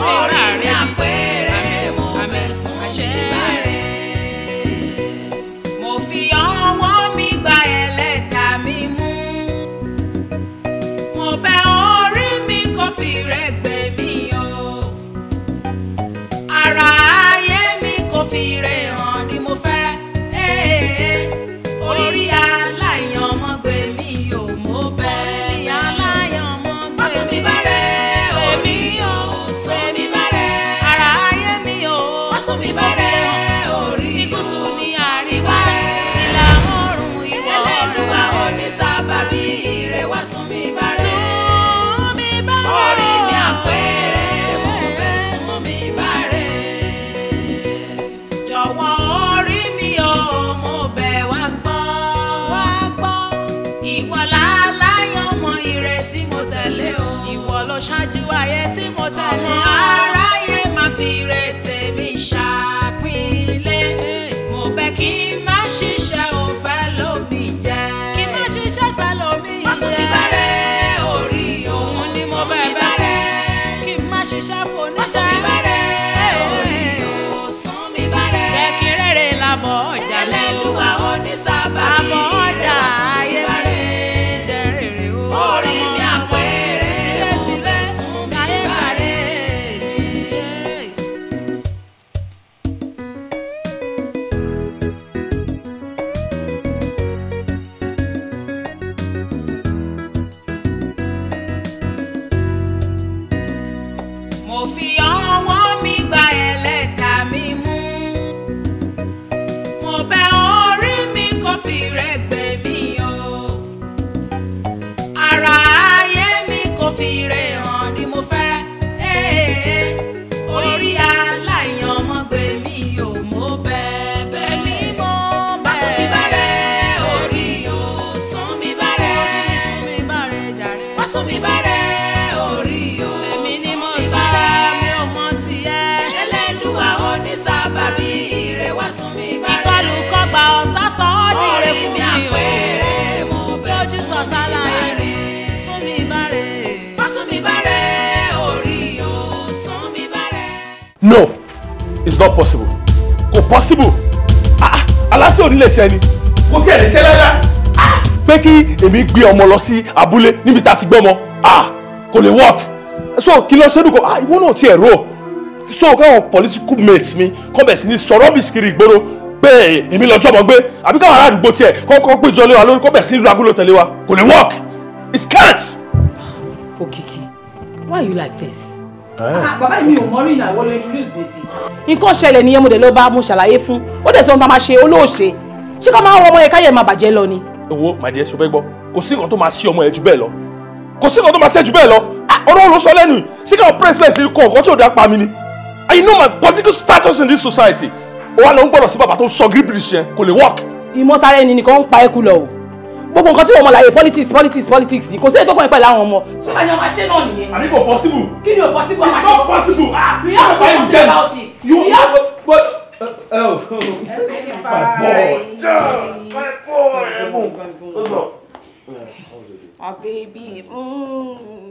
Amen. oníṣẹ́ fún oníṣẹ́. ṣe ni kò tiẹ̀ lè ṣe lára ah! pé kí èmi gbé ọmọ lọ sí abúlé níbi tá a ti gbé ọmọ ah! kò lè work so kí lọ ṣẹ́dùn kan ah! ìwọ náà tiẹ̀ rò so káwọn political mates mi kọ́ bẹ̀ sí ní sọ rubbish kiri ìgboro pé eh, èmi lọ́jọ́ ọmọ gbé àbí káwọn ará àdúgbò tiẹ̀ kọ́kọ́ péjọ lé wa lórí kọ́ bẹ̀ sí ìlú abúlé tẹ̀lé wa kò lè work it can't. Okiki why you like this. Eh. bàbá mi ò mọrí ìnáwó lójú lójú gbèsè. nǹkan ṣẹlẹ̀ nìyẹn mo dẹ̀ ló bá mo ṣàlàyé fún ó dẹ̀ sọ ma ma ṣe olóòṣè ṣé ká máa wọ ọmọ yẹn káyẹ̀ máa bàjẹ́ lọ ni. èwo màdìẹ ṣe fẹ́ gbọ́ kò sí nǹkan tó máa ṣe ọmọ yẹn jù bẹ́ẹ̀ lọ kò sí nǹkan tó máa ṣe jù bẹ́ẹ̀ lọ ah, ọlọ́run ló sọ lẹ́nu sí káwọn president ṣe kọ nǹkan tí ò dá pa mí ni and you know my political status in this society ó wà lọ ń gbọ́dọ̀ sí bàbá tó ń sọ gíríbìrìṣì yẹn kò lè work. ìmọ̀tara ẹni nìkan ń pa ẹkú lọ o gbogbo nǹkan tí wọ́n mọ̀ láyé politics politics politics ni kò sí ètò kan ìpẹ́ láwọn ọmọ. ṣé àyàn máa ṣe náà nìyẹn. àbí kò possible. kí ni ò possible. it's not possible. ah you have to talk about it. you have to. Oh, My boy. John, my boy. My What's up? My baby. Mm.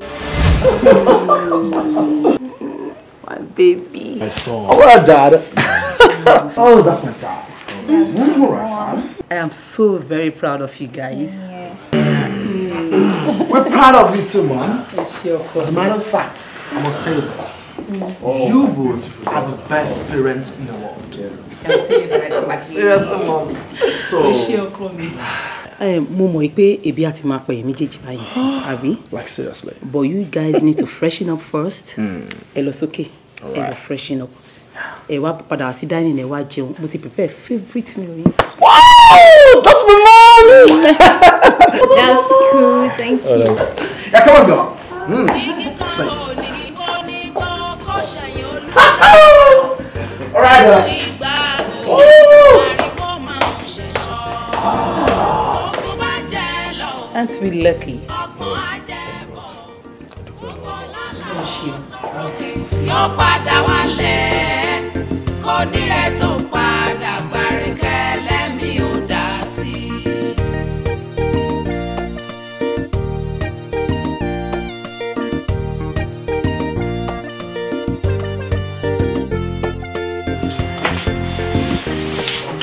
my baby. My son. Oh, my dad. oh, that's my dad. I am so very proud of you guys. Yeah. We're proud of you too, man. As a matter of fact, I must tell you this. Mm. You both are the best parents in the world. like seriously, mom. So. Eh, mo mọ̀ pé ebi a ti máa pẹ̀yìn méjèèjì báyìí like seriously. but you guys need to freshen up first. Hmm. ẹ okay. sókè freshen up ẹ wá padà sí dining ẹ wá jẹun mo ti prepare favorite meal wow that's my mom. that's cool thank you. ẹ kọ́ ọ̀gá. All right, guys. Oh. Aren't we lucky? Yọ padà wálé, kò ní rẹ̀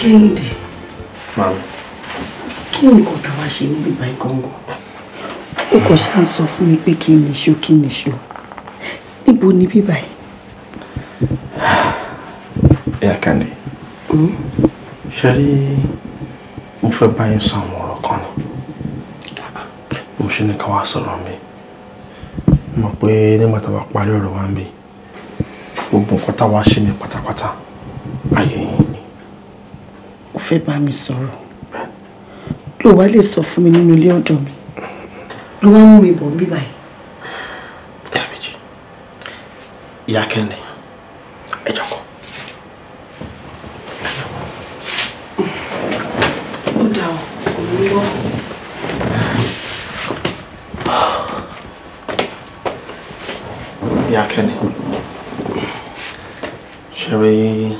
Kẹ́hìndé. Màmá. Kí ni nǹkan tá a wá ṣe níbi báyìí gangan? O kò ṣáà ń sọ fún mi pé kí ni ṣó kí ni ṣó. Níbo ni bí báyìí? Ẹ̀yà Kẹ́hìndé. Hmm? Ṣé rí mo fẹ́ bá yín sọ àwọn ọ̀rọ̀ kan ni? Ah, ah. Mo ṣe ní ká wá sọ̀rọ̀ mi. Mo mọ̀ nígbà tá parí ọ̀rọ̀ wa ń bì, gbogbo nǹkan tá ṣe mi pátápátá, ayé yín ó fẹ́ bá mi sọ̀rọ̀ ló wá lè sọ fún mi nínú ilé ọ̀dọ̀ mi ló wá mú mi bọ̀ bí báyìí. ìyá kẹ́ni ẹ jọkọ. ó dà ọ kò ní wọ́. ìyá kẹ́ni ṣe rí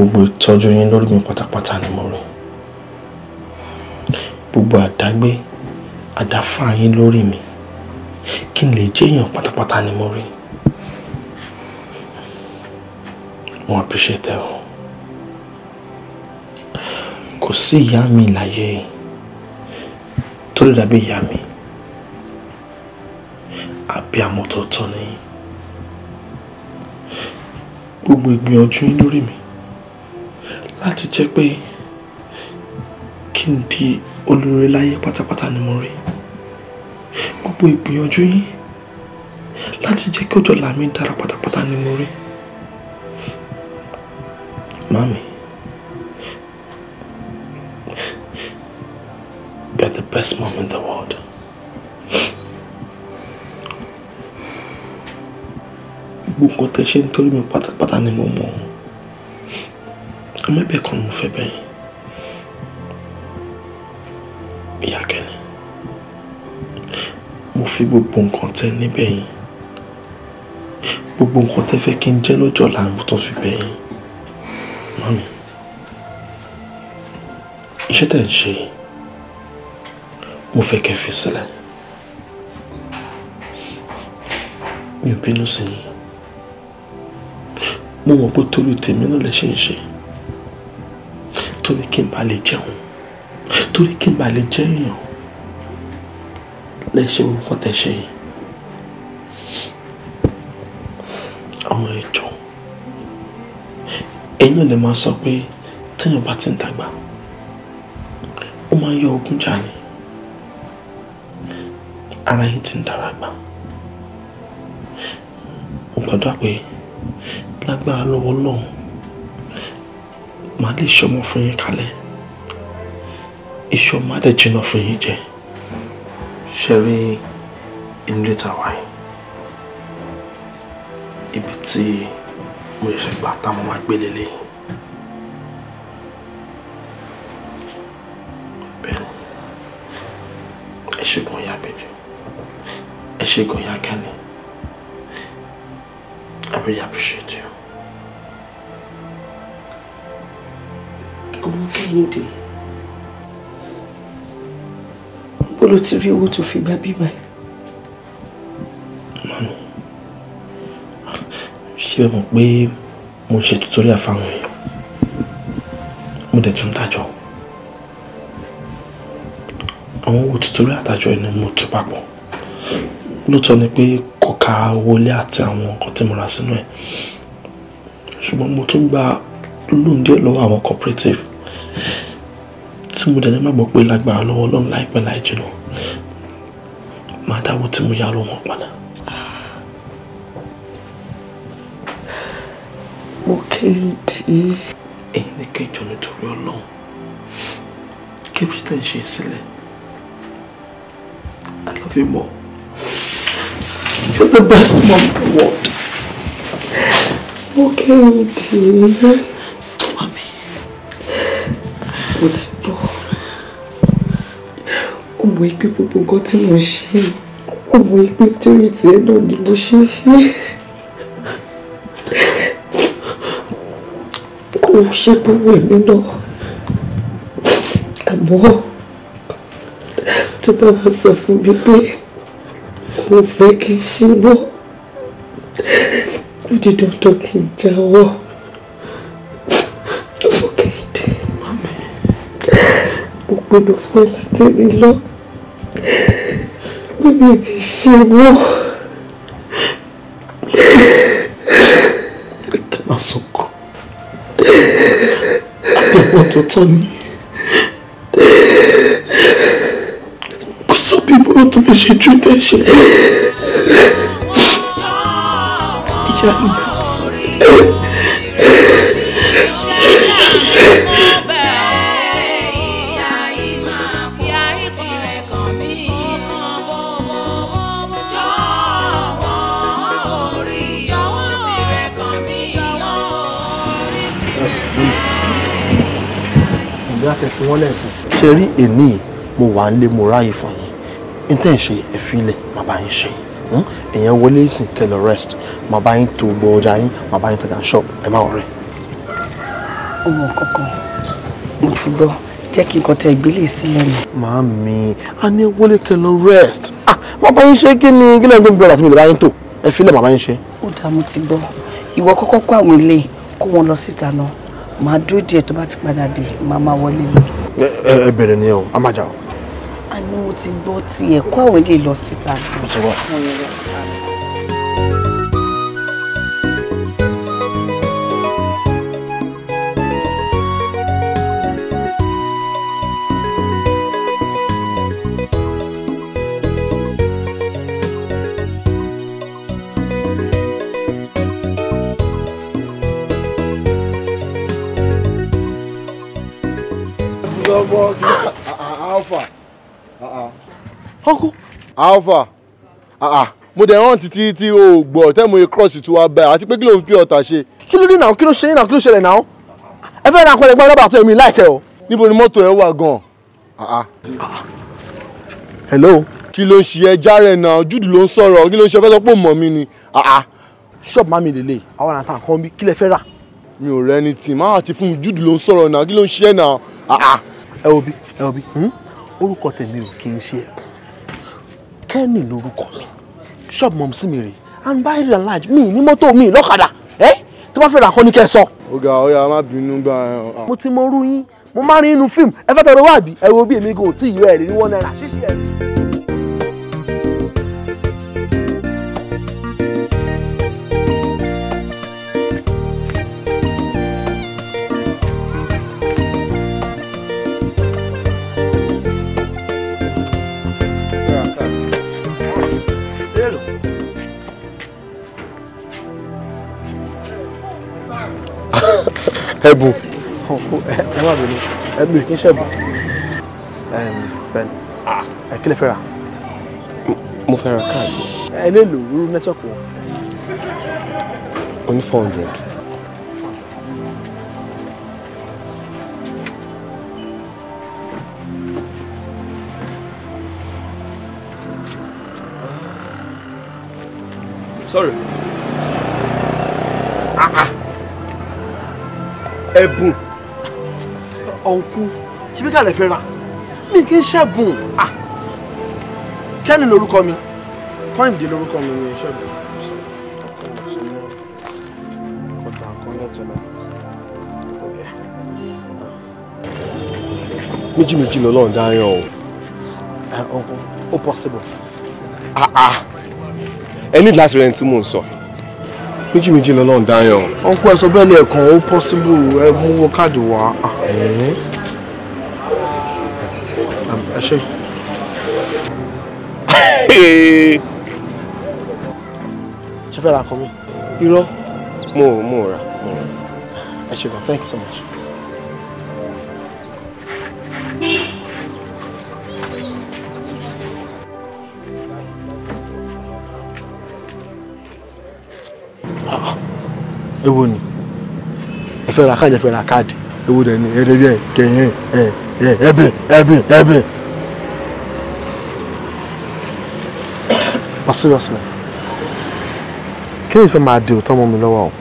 gbogbo ìtọ́jú yín lórí mi pátápátá ni mo rí gbogbo àdágbé àdáfà yín lórí mi kí n lè jẹ́yàn pátápátá ni mo rí mo appreciate ẹ o kò sí ìyá mi láyé tó lè dàbí ìyá mi àbí àmọ́ tó tọ́ ni gbogbo ìgbìyànjú yín lórí mi láti jẹ́ pé kí n di olóore láyé pátápátá ni mo rí gbogbo ìgbìyànjú yín láti jẹ́ kí ọjọ́ làmí dára pátápátá ni mo rí mami you are the best mom in the world. gbogbo nǹkan tẹ́ ṣe ń torí mi pátápátá ni mo mọ̀ ọ́ àmọ́ ẹ̀bẹ̀ kan mo fẹ́ bẹ̀yìn ìyá kẹ́ni mo fi gbogbo nǹkan tẹ́ níbẹ̀ yìí gbogbo nǹkan tẹ́ fẹ́ kí n jẹ́ lọ́jọ́ là ń tó fi bẹ̀ yín mọ́mi iṣẹ́ tẹ̀ ń ṣe mo fẹ́ kẹ́ fi sílẹ̀ mi ò bínú sí yín mo mọ̀ pé tolú tèmi náà lè ṣe ń ṣe torí kí n bá lè jẹun torí kí n bá lè jẹ èèyàn lè ṣe orúkọ tẹ ṣe yìí àwọn ẹjọ ẹ̀yin lè máa sọ pé téèyàn bá ti ń dàgbà ó máa ń yọ ogún jà ní ara yín ti ń dára gbà mo gbàdúrà pé lágbára lọ́wọ́ lọ́hùn màá lè ṣọmọ fún yín kalẹ̀ iṣu ọmọ adẹ̀ jìnnà fún yín jẹ ṣe rí inú ilé tàwa yìí ibi tí mo lè ṣe gbà táwọn máa gbé lélẹ̀ bẹ́ẹ̀ ẹ ṣègùn ya bẹ́ẹ̀ ẹ ṣègùn ya kẹ́ni I really appreciate you. Kẹ́hìndé bó ló ti rí owó tó fi gba bíbá ẹ̀. mọ́nù ṣé ẹ mọ̀ pé mo ń ṣe tutorial fáwọn èèyàn mo dẹ̀ tún dájọ́ àwọn owó tutorial àtàjọ́ ni mo tú papọ̀ lóòótọ́ ni pé kò ka wọlé àti àwọn nǹkan tí mo rà sínú ẹ̀ ṣùgbọ́n mo tún gba lóun díẹ̀ lọ́wọ́ àwọn cooperative tí mo dẹ̀ ní gbàgbọ́ pé lágbára lọ́wọ́ ọlọ́run láìpẹ́ láì jùlọ máa dáwọ́ tí mo yá lọ́wọ́ padà. mo kéde. ẹ̀yin ní kẹjọ nítorí ọlọ́run kébí tẹ̀ ń ṣe sílẹ̀ I love you more. You're the best mom in the world. Okay, dear. Mommy. What's wọ ipe gbogbo nǹkan tí mo ṣe ó wọ ipe torí tiẹ̀ náà ni mo ṣe ṣe kò ṣe gbogbo èmi náà àmọ́ tó bá wá sọ fún mi pé mo fẹ́ kí n ṣe mọ́ ó di dandan kí n jáwọ́. Mami. Mo láti ní lọ ibi ti ṣe wọ́n. Kẹ́lá sọ̀kọ̀. Àbẹ̀wò tó tọ́ ni. Kò sọ́bí bọ́rọ̀ tó lè ṣe ju tẹ̀sẹ̀. Ìyá mi. Yeah. fi wọ́n lẹ́sìn. ṣe rí èmi mo wà ń lé mo ráyè fún yín n tẹ́ ń ṣe ẹ̀fílẹ̀ màá bá yín ṣe èèyàn hmm? wọlé ìsìn kẹlọ rest màá bá yín tó gbọ ọjà yín màá bá yín tẹ̀gà shop ẹ má wọrẹ. ọmọ kankan mo ti gbọ́ jẹ́ kí n kọ́ tẹ ìgbélé sílẹ̀ mi. màámi a ní wọlé kẹlọ rest ah màá bá yín ṣe kí ni kí lẹ́yìn tó ń bẹ̀rẹ̀ àti mi lè bá yín tò ẹ̀fílẹ̀ màá bá yín ṣe. ó dàá ti gbọ́ ìwọ kọ́kọ́ kó àwọn ilé kó wọn lọ síta náà màá dúró díẹ̀ tó bá ti padà dé màá máa wọlé lọ. ẹ ẹ bẹ̀rẹ̀ ni ẹ o a máa jà o. àná mo ti gbọ́ tí ẹ̀kọ́ àwẹ̀ lè lọ síta. mo ti bọ́ alpha ọkọ ah, alpha mo dẹ̀ hàn títí tí o gbọ́ tẹ́ mo cross tí wàá bẹ́ẹ̀ àti pé kí ló ń fi ọ̀tà ṣe. kí ló dé náà kí ló ṣe yín náà kí ló ṣẹlẹ̀ náà ẹ fẹ́ ra àkọlẹ̀ gbọ́dọ̀ bàtọ́ èmi láìkẹ́ o. níbo ni mọ́tò ẹ wà gan-an. Ah, ah. hello kí ló ń ṣe ẹ jàre náà júdù ló ń sọ̀rọ̀ kí ló ń ṣe fẹ́ sọ pé mọ̀ mi ni. ṣọ́ọ̀bù má mi lè àwọn àtàn kan bí kí lẹ fẹ́ rà. mi ò rẹ́ni tì má àti fún júdù ló ń sọ̀rọ̀ náà kí ló ń ṣe náà ẹ wo bí ẹ wo bí hmm? orúkọ tèmi ò kì í ṣe ẹ̀bùn kẹ́ni lorúkọ mi ṣọ́ọ̀bù mọ̀ sí mi rè and by real large mi ní mọ́tò mi lọ́kadà ẹ́ tí wọ́n fẹ́ ra kọ́ ni kẹ́ ẹ sọ. ọ̀gá ọ̀yà má bínú gbà ẹ̀. mo ti mọ orú yín mo máa rin inú fíìmù ẹ fẹ́ tọrọ wá àbí ẹ wo bí èmi kò tí ì yọ ẹ̀rí ní one naira ṣíṣe ẹ̀rí. ẹ̀bùn ẹ má bínú ẹ̀bùn kì í ṣẹ̀bùn bẹ́ẹ̀ ẹ kí lè fẹ́ ra. mo fẹ́ ra káàdì. ẹ lè lò rúrú nẹ́tọ̀kì wọn. o ní four hundred. Sorry. ẹ̀bùn ọ̀nkú ṣíbí kàlẹ́ fẹ́ ra mi kì í ṣẹ́gun kẹ́ni lórúkọ mi kọ́ìndé lórúkọ mi ni ṣẹ́gun. méjì méjì lọ́lọ́run dáyàn o. ọ̀nkú ó possible. ẹ ní láti rẹ̀ ní tí mò ń sọ. So méjì méjì lọ́lọ́run dáyàn. wọ́n kó ẹ̀sọ́ bẹ́ẹ̀ lẹ́ẹ̀kan ó pọ́síbù ẹ mú wo káàdì wá. Ah. ṣe. fẹ́ ra kan mi. irọ́ mo mo rà. ẹ ṣe kan thank you so much. èwo ni ẹ fẹ́ ra káàdì ẹ fẹ́ ra káàdì èwo dẹ̀ ni ẹ̀rẹ́ bí ẹ kẹ̀yìn ẹ ẹ ẹ̀bìn ẹ̀bìn ẹ̀bìn. but seriously kí ni ìfẹ́ máa di òótọ́ mọ́ mi lọ́wọ́ o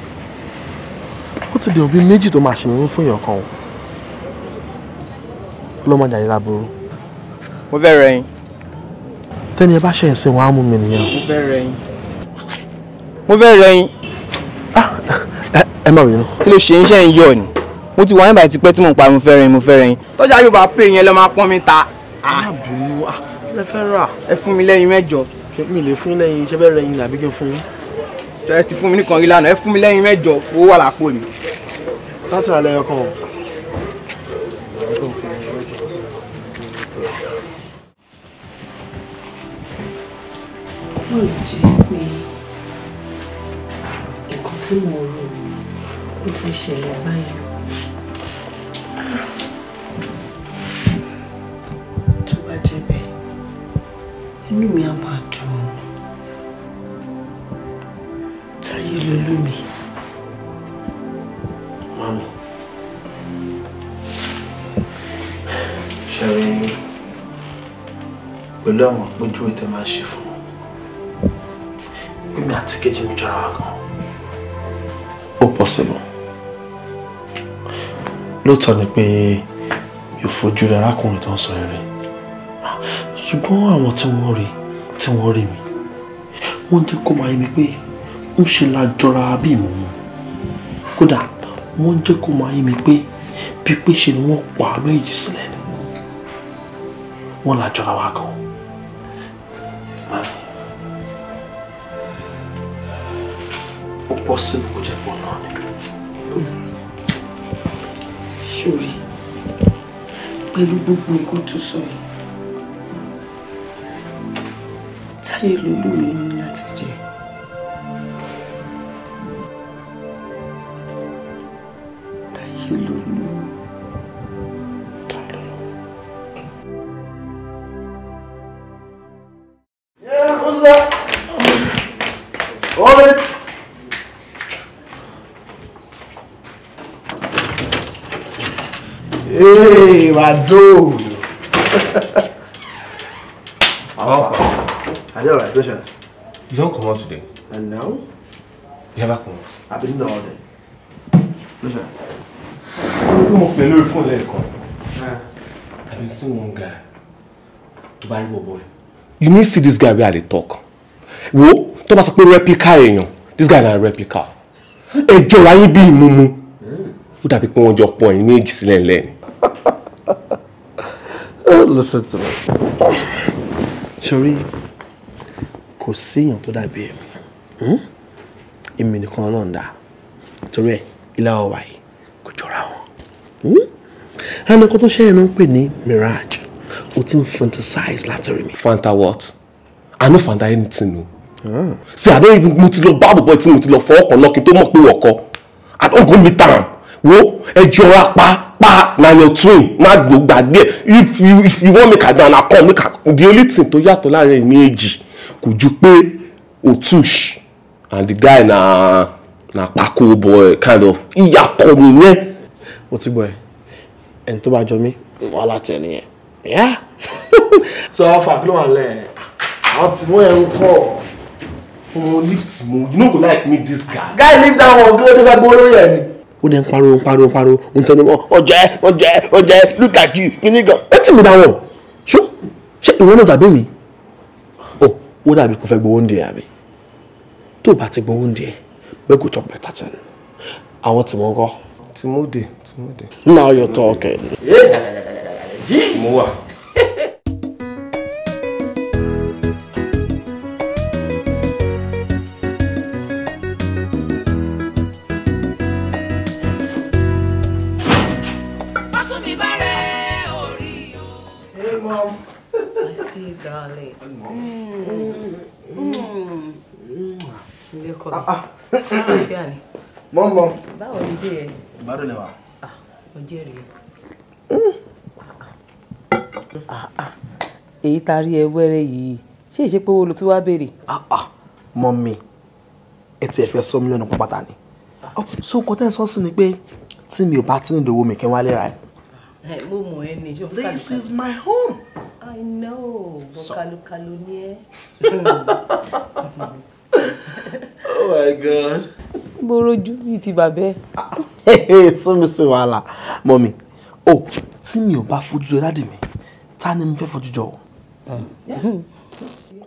ó ti di òbí méjì tó máa ṣe mí fún èèyàn kan o ọlọ́mọdé àríra burú. mo fẹ́ rẹ̀ yín. tẹ́ni ẹ bá ṣe ẹ̀sìn wọn á mú mi nìyẹn. mo fẹ́ rẹ̀ yín. mo fẹ́ rẹ̀ yín ẹ má bínú. kí ló ṣe ń ṣe ń yọ ni mo ti wà nígbà tí pẹ́ tí mo ń pa mo fẹ́ rìn mo fẹ́ rìn tọ́jà yóò bá pè yẹn lọ́ máa pọ́n mi ta. ẹ má bínú ah, ẹ fẹ́ rà. ẹ fún mi lẹ́yìn mẹ́jọ. mi lè fún lẹ́yìn iṣẹ́ bẹ́ẹ̀ rẹ̀yìn làbí kí n fún ẹ ti fún mi nìkan rí lánàá ẹ fún mi lẹ́yìn mẹ́jọ owó wà lápò mi. láti rà lẹ́yọ kan o. ó tí mo rò ló fẹ́ ṣẹlẹ̀ báyìí. Ah. tó bá jẹ́ bẹ́ẹ̀ inú mi á máa dùn táyé lolú mi. mami ṣẹ́rí pẹ̀lú àwọn àpéjú ètò máa ṣe fún mi àti kejì mi jọra wa gan. possible lóòótọ́ ni pé mi ò fojú rí arákùnrin tó ń sọ eré ah, ṣùgbọ́n àwọn tí wọ́n rí tí wọ́n rí mi wọ́n jẹ́ kó máa yé mi pé ń ṣe la jọra bí mo mu kódà wọ́n jẹ́ kó máa yé mi pé bí pé ṣe ni wọ́n pa méjì sílẹ̀ ni wọ́n la jọra wa gan. ó pọ̀ sí kó jẹ́ pọ̀ náà ni. ṣòrí pẹ̀lú gbogbo nǹkan tó sọ yìí táyé lolú mi ní láti jẹ́. they were dull. Alpha. Are you alright, patient? You don't come out today. And now? You never come out. I've been in the order. Patient. I've been seeing one guy. To buy your boy. You need to see this guy where they talk. Wo tó bá replica pé replica this guy na replica. Ẹjọ́ ra yín mumu. ìmúmu. Ó dàbí pé wọ́n jọ pọ̀ ẹ̀yìn méjì sílẹ̀ lẹ́nu listen to me. Ṣorí kò séèyàn tó dàbí èmi. Hmm? Èmi nìkan ọlọ́run dá. Torí ẹ̀ ilá ọwà yìí kò jọra wọn. Àwọn hmm? tó ṣẹ́yìn náà ń pè ní mirage. O ti ń fantasize látọ̀rí mi. Fanta what? I no fanta anything o. Ah. See, I don't even mo ti lọ bá àbùbọ̀ tí mo ti lọ fọwọ́ kan lọ́kìn tó mọ̀ pé wọ̀ kọ́. I don't go meet am wo ẹjọra pa pa na your twin má gbó gbàgbé if you if you wan make i down na come make i the only thing tó yàtọ̀ láàrin èmi èjì kò ju pé otush and the guy na na pako boy kind of ìyàtọ̀ nìyẹn. mo ti gbọ́ ẹ ẹni tó bá jọ mí wàhálà tẹ̀ nìyẹn. so àwọn fàkìlọ́ wà lẹ́yìn àwọn tí wọ́n yẹn ń kọ́ mo oh, lift mo you no go like meet this guy. guy leave that one kí ló dé fẹ́ gbó ó dẹ̀ ń pariwo ń pariwo ń pariwo ń tẹnu mọ́ ọjẹ́ ọjẹ́ ọjẹ́ lùkàkì kìíní gan ẹ tì mí dáwọ̀ ṣó ṣé ìwọ náà dàbí mi ò ó dàbí kò fẹ́ gbowó ń diẹ àbí tó bá ti gbowó ń diẹ make we talk better ten àwọn tí wọ́n kọ́. Timode Timode. now you're talking. Eh? mo wà. darling. Ilé-ẹ̀kọ́ mi. Ṣé àlàáfíà ni? Mọ́mọ́. Báwo ni dé ah, Ìbádùn lẹ́wà. Mo jẹ́rìí. Èyí ta rí ẹ wẹ́rẹ́ yìí, ṣé ìṣe pé owó lo tún wá béèrè? Ah, ah. Mọ́mí, ẹ ti ẹ̀ fẹ́ sọ mílíọ̀nù pátá ni. Ah. Sọ nǹkan tẹ́ ẹ sọ sí ni pé tí mi ò bá tí ní ìdòwò mi kí n wá lè ra ẹ̀ this is my home. i know bọ oh my god. mo iti babe. ti bàbá ẹ. Ah, sún mi sí wàhálà mọ́mi o tí mi ò bá fojú mi ládìmí ta ni mo fẹ́ fojú jọ o. yes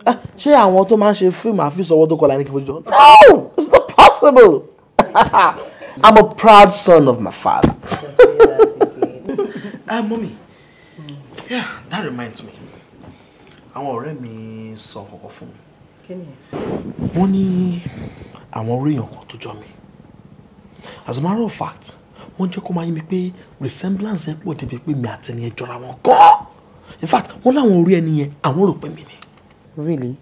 ah, ṣé àwọn tó máa ń film afi so tó kọlà ní kí n fojú jọ. no it's not possible i'm a proud son of my father ah mọ́mì yeah that reminds me àwọn ọ̀rẹ́ mi sọ kọ̀kọ̀ fún mi wọ́n ní àwọn orí èèyàn kan tó jọ mi as a matter of fact wọ́n jẹ́ kó máa yé mi pé resemblance ẹ̀ pọ̀ débi pé mi àti ẹni yẹn jọra wọn gan in fact wọ́n láwọn orí ẹni yẹn àwọn rò pé mi ni. really.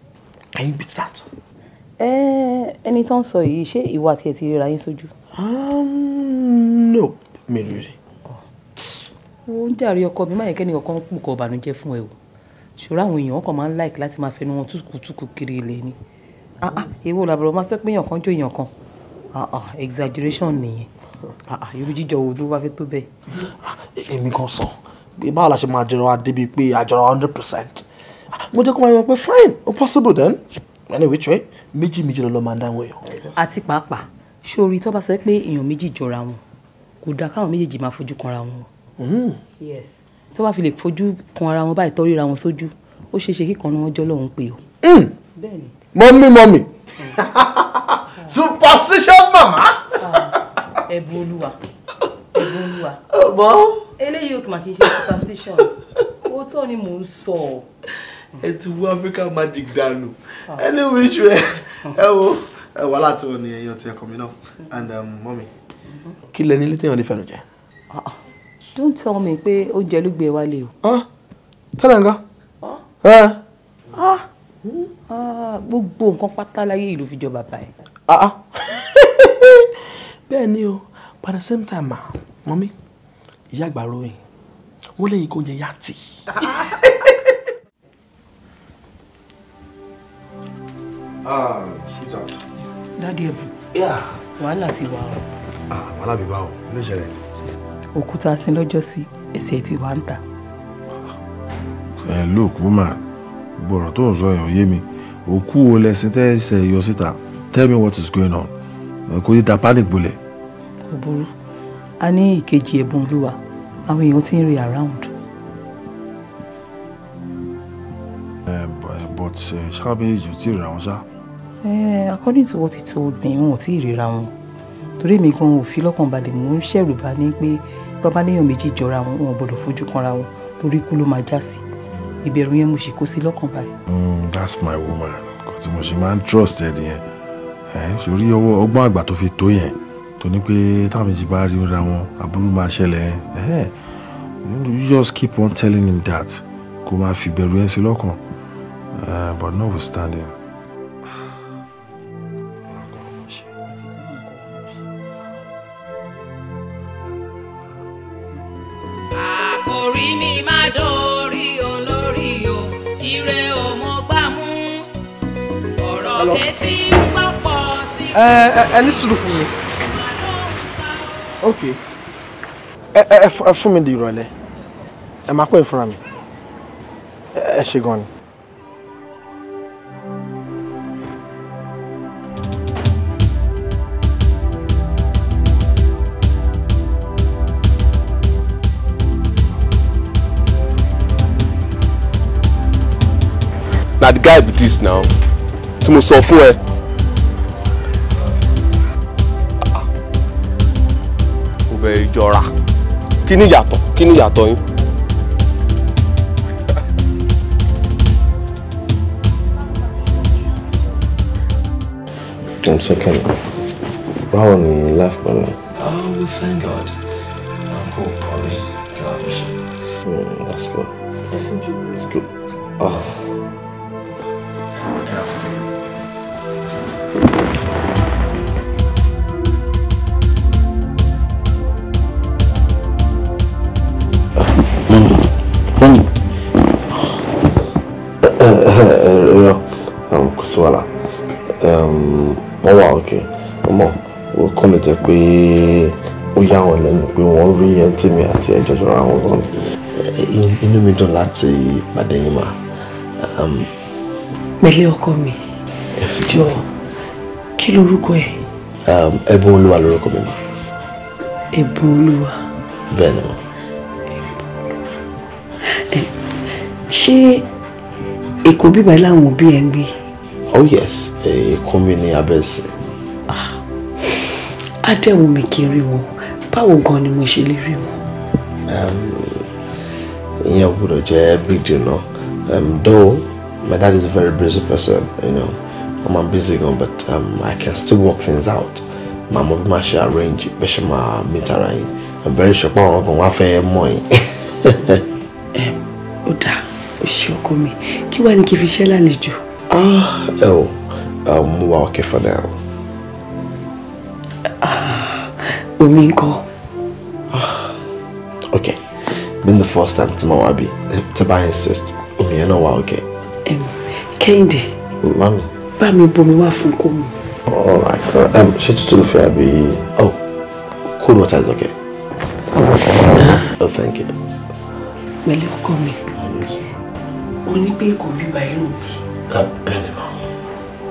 can you beat that. ẹ ẹni tó ń sọ yìí ṣé ìwà tiẹ̀ ti ríra yín sójú. Um, no mi rí ó ń jàre ọkọ mi má yẹ kẹ́ni kankan pò kọ́ ọ̀bànújẹ́ fún ẹ o ṣòro àwọn èèyàn wọn kàn máa ń láìkí láti máa fẹnu wọn túkùtùkù kiri ilẹ̀ ni ah ah èwo làbọ̀rọ̀ máa sọ pé èèyàn kan jó èèyàn kan ah ah exaggeration nìyẹn ah ah irú jíjọ wo ló wá fẹ́ tó bẹ́ẹ̀. Ah, èmi kan sọ pé báwo la ṣe máa jọra wa débi pé àjọra one hundred percent ah, mo jẹ́ kó máa yọ pé fine o possible then any which way méjì méjì lọ́lọ́ máa ń dáhùn èèyàn. àti pàápàá ṣé orí tó bá sọ pé èèyàn méjì jọra wọn kò dáa káwọn méjèèjì máa fojú kanra wọn o Mm. tó bá fi lè fojú kan ara wọn báyìí tọ́ríra wọn sójú ó ṣeé ṣe kíkan ni wọ́n jọ́ lọ́hún pé o. Mm. mọ́mí mọ́mí mm. superstitious mama. Ah, ẹ̀bùn olúwa ẹ̀bùn olúwa eléyìí òkè màkì ṣe superstition owó tó ni mò ń sọ ẹ ti wú africa magic dànù ẹni ah. wíṣù ẹ ẹ wo ẹ wà láti wọn ni ẹyin ọtí ẹkọ mi náà and um, mọ́mi. Mm-hmm. kí lẹni ilé téèyàn lè fẹnu jẹ. Ah, don't tell me pé oúnjẹ ló gbé wálé o. tọ́lá nǹkan. gbogbo nǹkan pátá láyé ìlú fi jọ bàbá ẹ̀. Ah, ah. bẹ́ẹ̀ ni o by the same time ma mọ́mí ìyá àgbà ròyìn wọ́n lẹ́yìn kó oúnjẹ yá tì. ah sweetheart. dádì ẹ̀bùn wàhálà ti wà o. Ah, wàhálà bíbá o ilé ìṣẹ̀lẹ̀ òkúta sin lọ́jọ́sí ẹsẹ̀ ti wà ń ta. ẹ lóòkú mà gbọ̀rọ̀ tó ń sọ ẹ̀ ọ̀yẹ́ mi òkú wo lẹ́sìn tẹ́ yọ síta tell me what is going on kò yí da panic bolẹ̀. kò burú a ní ìkejì ẹ̀bùn olúwa àwọn èèyàn ti ń rí around. but ṣáà méjèèjì ò tí ì ríra wọn ṣá. according to what he told me wọn ò tí ì ríra wọn torí èmi gan ò fi lọ́kàn balẹ̀ mò ń bá ní pé tọ́ba méjì jọra wọn wọn gbọ́dọ̀ fojú kanra wọn torí kú ló máa já sí ìbẹ̀rù yẹn mo sì kó sí lọ́kàn balẹ̀. Mm, that's my woman kò tí mo ṣe máa ń trust ẹ nìyẹn sórí ọwọ́ ọgbọ́n àgbà tó fi tó yẹn tó ní pé táwọn méjì rí ra wọn aburú máa ṣẹlẹ̀ you just keep on telling him that kó máa fi ìbẹ̀rù yẹn sí lọ́kàn but notwithstanding É, é ní sùúrù fún mi ok é, é, é, é, mi di ìrọ̀lẹ́ é, máa pẹ́ ìfúnra mi eh, eh, é, é, gan ni. na the guy be this now tí mo sọ fún ẹ. jọra kí ni yàtọ̀ kí ni yàtọ̀ yín. One Báwo ni life pẹ̀lú? Oh, thank God. jẹ́ pé ó yà wọ́n lẹ́nu pé wọ́n rí ẹni tí mi àti ẹjọ́ jọra wọn gan inú mi dùn láti pàdé yín mà. Um, pẹ̀lẹ́ ọkọ mi jọ kí lorúkọ ẹ̀. Um, ẹ̀bùn olúwa lorúkọ mi mà. ẹ̀bùn olúwa. bẹ́ẹ̀ ni mà. ṣé èkó bíbá láwọn òbí ẹ̀ ń gbé. oh yes èkó mi ní abẹ́sẹ̀ á dẹ̀ wù mí kí n rí wọn báwo gan ni mo ṣe lè rí wọn. ìyẹn gbọ́dọ̀ jẹ́ big deal náà um, though my dad is a very busy person you know I'm a busy gan but um, I can still work things out màá mọ bí màá ṣe arrange bẹ́ẹ̀ ṣe máa meet ara yín I'm very sure pé àwọn ọkùnrin wa fẹ́ mọ̀ yín. ó dáa ó ṣe ọkọ mi kí wàá ní kí n fi ṣẹ́ lálejò. ah ẹ o mo wà ọkẹ for now. omi ńkọ́. Ah, ok been the first time tí mo wá bí tí bá insist Umi, yẹn know. wá ok. kẹ́hìndé. mami. bá mi bomi wá fún kó mu. alright um, ṣé tútù ló fẹ́ àbí oh cool water is okay. oh thank you. pẹ̀lú ọkọ mi o ní pé kò bí báyìí ló ń bí. bẹ́ẹ̀ ni mo.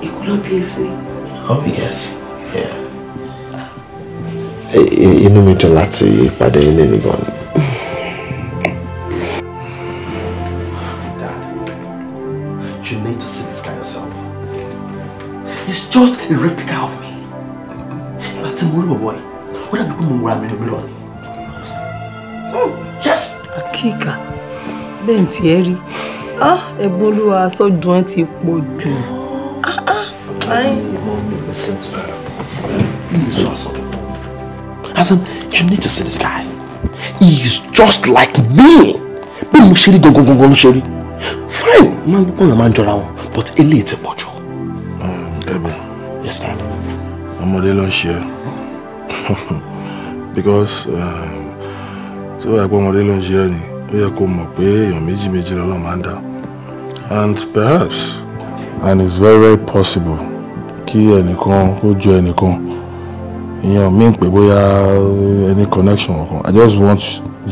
ìkúlọ̀ be èsì. oh yes yeah inú mi dùn láti pàdé yín lẹ́nu gan you need to see this guy yourself. He's just a replica of me. Ìgbà tí mo rí bọ̀bọ̀ yìí, ó dàbí pé mo wura mi ní mìíràn hmm, Yes. Akíkà, bẹ́ẹ̀ tí ẹ rí, ah, ẹ̀bùn olúwa sọ́dún ẹ ti pọ̀ jù. Báyìí. Listen to that. Hassan, you need to see this guy. He is just like me. Bí mo ṣe rí gangan gangan ló ṣe Fine, man, ń gbọ́ ọ̀nà máa ń jọra wọn, but eléyìí ti pọ̀ jù. Mm, Bẹ́ẹ̀ni. Yes, Dad. Ọmọdé ló ń ṣe Because um, tí ó yẹ pé ọmọdé ló ń ṣe ẹ́ ni, ó yẹ kó mọ̀ pé èèyàn méjì méjì lọ́lọ́ máa ń dá. And perhaps, and it's very very possible kí ẹnìkan kó jọ ẹnìkan ìyẹn mi ń pè bóyá uh, any connection kankan i just want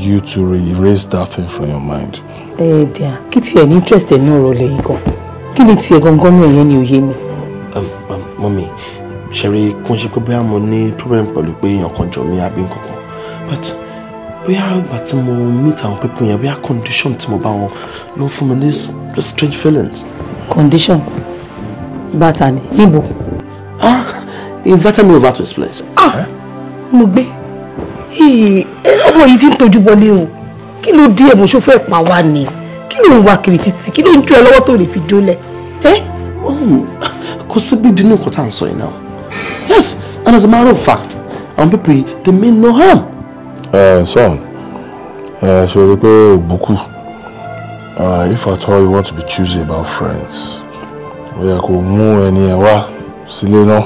you to erase that thing from your mind. ẹ dìá kí tiẹ̀ ní interest in your role, lẹ̀ yìí gan kí ni tiẹ̀ gangan ní ẹ̀yẹ́ ni òye mi. mọ́mí um, um, ṣẹ̀rí kún ṣe pé bóyá mo ní problem pẹ̀lú pé èèyàn kan jọ mí àbí nǹkan but bóyá ìgbà tí mo meet our people yẹn bóyá condition tí mo bá wọn ló fún mi ní strange feelings. condition bàtà ni níbo. ah invited me over to his place. ah eh? mo He, ọmọ yìí ti ń tọ́jú wọlé o kí ló dé ẹ̀mọ́ ṣó fẹ́ pa wá ni kí ló ń wá kiri títí kí ló ń jó ẹ lọ́wọ́ tó lè fi jólẹ̀. Hmm, kò sí bí dínú nǹkan tá à ń sọ yes and as a matter of fact I'm people they mean no harm. ẹ sọ́n ẹ ṣe rí i pé òbúkú eh, if at all you want to be choosy about friends ó yẹ kó mú ẹni ẹ see you know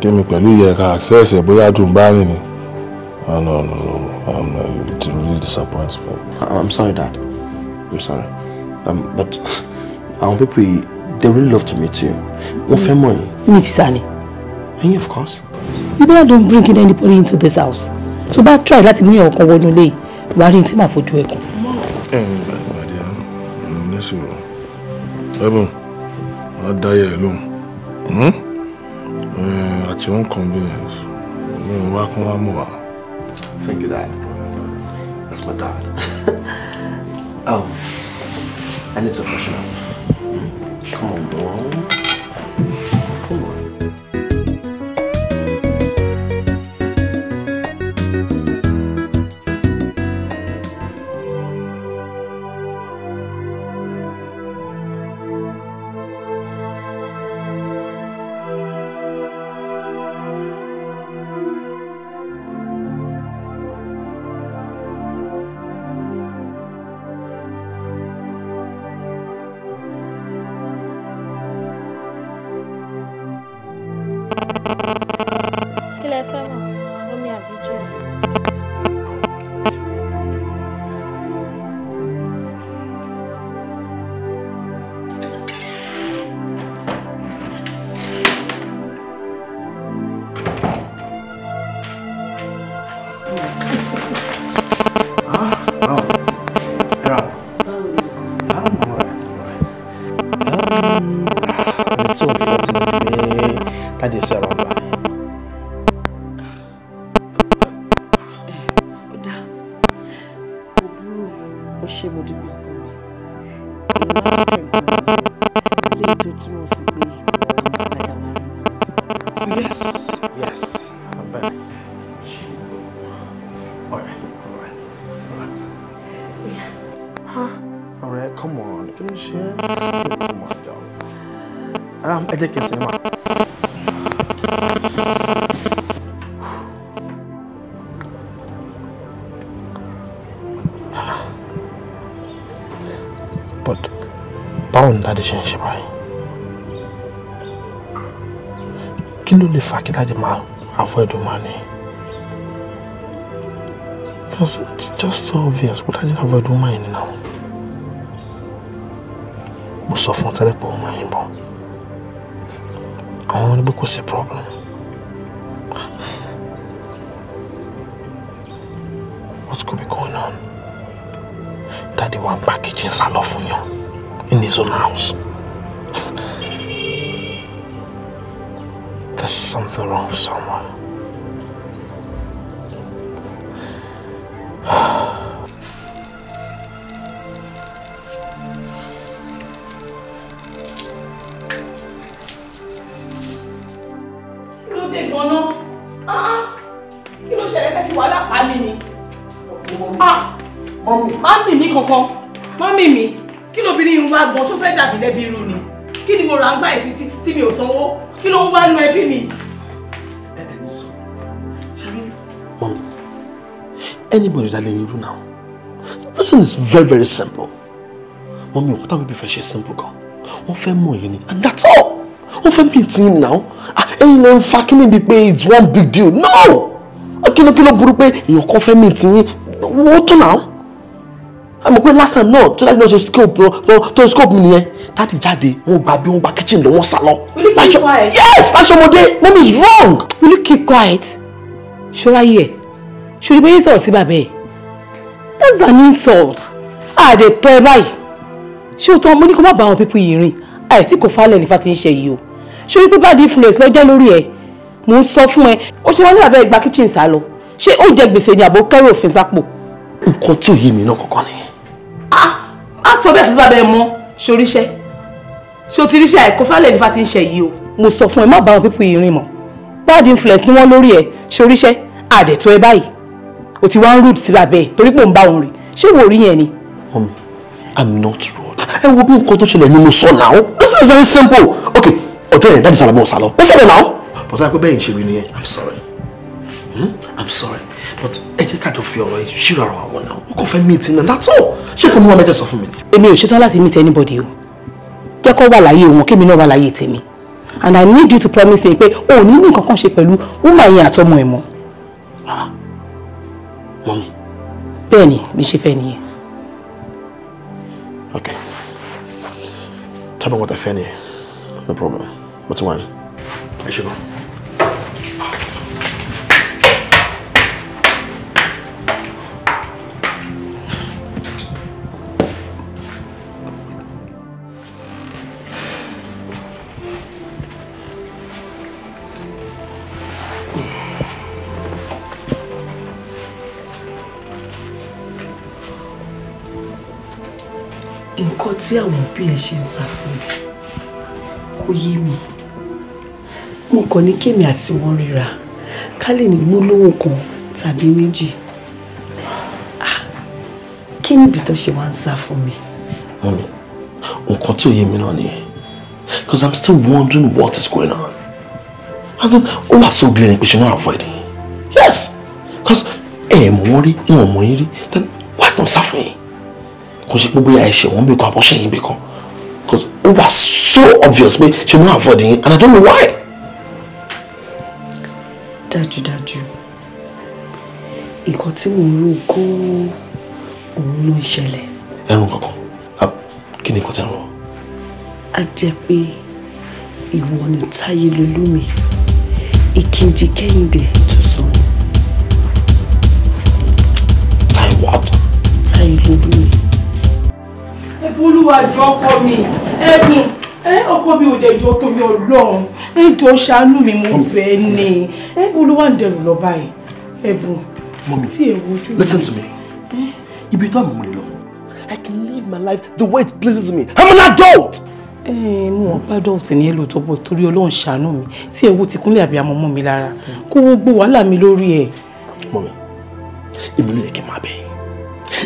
kémi pẹ̀lú yẹ ká bóyá dùn bá rìn ni. Ah, no no no um, it really disappoints me. i'm sorry dad i'm sorry um, but àwọn people yìí they really love to meet you wọ́n fẹ́ mọ̀ yín. mi ti sá ni. of course. you better don't bring in anybody into this house tó bá try láti mú ìyàwó kan wọnú ilé yìí wàá rí ní tí màá fojú ẹ kàn. ẹ ẹ ìbàdí à ń ní sùúrù ẹbùn wọn á dáyẹ ẹ lóhùn. Hmm? at your own convenience. Welcome, Amua. Thank you, Dad. That's my dad. oh, I need to freshen up. Hmm? Come on, boy. Um yes yes Come on, back. all right all right all right. Yeah. Huh? all right come on kí ló ṣe é. ẹ jẹ́ kí Láde ṣe ń ṣe báyìí? Kí ló lè fà kí Láde máa avoid money? Because it's just so obvious, but I didn't avoid woman in now. Mo sọ fún tẹ́lẹ̀ pé ọmọ yìí bọ̀. Àwọn oníbó kò sí problem. What could be going on? Daddy wa ń gba kitchen sálọ fún yàn. his own house. There's something wrong with somewhere. telling you now. This is very, very simple. Mommy, what are we before she's simple gan? Wọ́n fẹ́ mọ̀ yín ni and that's all. Wọ́n fẹ́ bí tí ń nà ó. Ẹyin lè ń fa kí ni one big deal. No! Ah, kíló kíló burú pé èèyàn kan You mí tí yín. Wọ́n tún nà ó. last time náà tí láti lọ ṣe No, lọ tó scope mi nìyẹn. Dáàdì jáde, wọ́n gba bí wọ́n gba kitchen lọ, wọ́n sá Will you keep quiet? Yes! That's your Aṣọ́mọdé, mommy is wrong. Will you keep quiet? Should I? ẹ̀, ṣòrí bẹ́yìn sọ̀rọ̀ sí bàbá ẹ̀ is an insult àdè tọ́ ẹ báyìí ṣé o tán mo ní kó on people àwọn I yìí rìn àìtí in falẹ̀ nípa ti ń ṣe yìí o ṣé orí pé bad influence lọ́jọ́ lórí ẹ̀ mò ń sọ fún ẹ ó ṣe wá ní abẹ́ ìgbà kitchen sá lọ ṣé ó jẹ gbèsè ni àbò kẹ́rù òfin sápò. nǹkan tí ò yé mi náà kọ̀ọ̀kan ni. a a sọ bẹ́ẹ̀ fún bàbá ẹ mọ́ ṣoríṣẹ́ ṣé o ti ríṣẹ́ àìkó falẹ̀ nípa ti ń ṣe yìí o mo sọ fún ẹ má bá àwọn pípọ̀ yìí rìn mọ́ bad influence ni wọ́n lórí ẹ ṣoríṣẹ́ àdètò ẹ báyìí o ti wá ń rude síra bẹ́ẹ̀ torí pé òun bá òun rìn ṣé wo rí yẹn ni. mọ́mi i'm not rude ẹ wo bí nǹkan tó ṣẹlẹ̀ nínú sọ náà this is very simple okay ọjọ́ yẹn dáàdì sálọmọ sálọ ó ṣẹlẹ̀ náà. bọ́tọ́ àpẹ́ bẹ́ẹ̀ ń ṣe mí nìyẹn i'm sorry hmm? i'm sorry but ẹ jẹ́ ká jọ fi ọ̀rọ̀ yìí ṣírò ara wọn náà n kò fẹ́ meeting náà that's all ṣé kò ní wọn mẹ́tẹ̀ sọ fún mi. èmi ò ṣetán láti meet anybody o jẹ́ kó wà láyé wọn kémi náà wà láyé tèmi and i need you to promise me pé o ò ní ní nǹkan kan ṣe pẹ̀lú woman yẹn àtọmọ ẹ̀ mọ́. Ah mọ́ mi. bẹ́ẹ̀ ni bí ṣe fẹ́ nìyẹn. ok tábà wọ́n ta fẹ́ nìyẹn no problem mo ti wá ní ẹ ṣe gan. tí àwọn òbí ẹ ṣe ń sá fún mi kò yé mi mo kàn ní kémi àti wọn ríra ká lè ní gbólóhùn kan tàbí méjì ah, kí nìdí tó ṣe wá ń sá fún mi. mọ́mi nǹkan tí ò yé mi náà nìyẹn because i'm still wondering what is going on as in ó wà so clear pé she no avoid it yes because ẹ̀ mọ̀ wọ́n rí wọn ò yín rí then why don sá fún kò ṣe pé bóyá ẹ̀ṣẹ̀ wọn bìkan àbọ̀ṣẹ̀ yín bìkan because ó wà so obvious pé ṣe máa avoid yín and I don't know why. dájúdájú nǹkan tí mo rò gan-an òun ló ń ṣẹlẹ̀. ẹrùn kankan kí ni nǹkan tẹ́ ń rò. a jẹ́ pé ìwọ ni táyé lolú ìkejì kẹ́hìndé tó sọ. táyé what. táyé lolú olúwàjọ ọkọ mi ẹ̀bùn ọkọ mi ò dẹ̀ jọ torí ọlọ́run ẹ̀jọ̀ ṣàánú mi mo bẹ̀ ni olúwa ń dẹrù lọ báyìí ẹ̀bùn tí ẹ wojú mi. listen to me ibi tó àmì mo lè lọ I can live my life the way it pleases me I'm an adult. ẹ ẹ wọn gbádùn ọtí ní èlò tó bọ torí ọlọ́run ṣàánú mi tí ẹ wo tìkúnlẹ̀ àbí amọmọ mi lára kó wo wàhálà mi lórí ẹ. mọ̀mí èmi ló yẹ máa bẹ̀yìn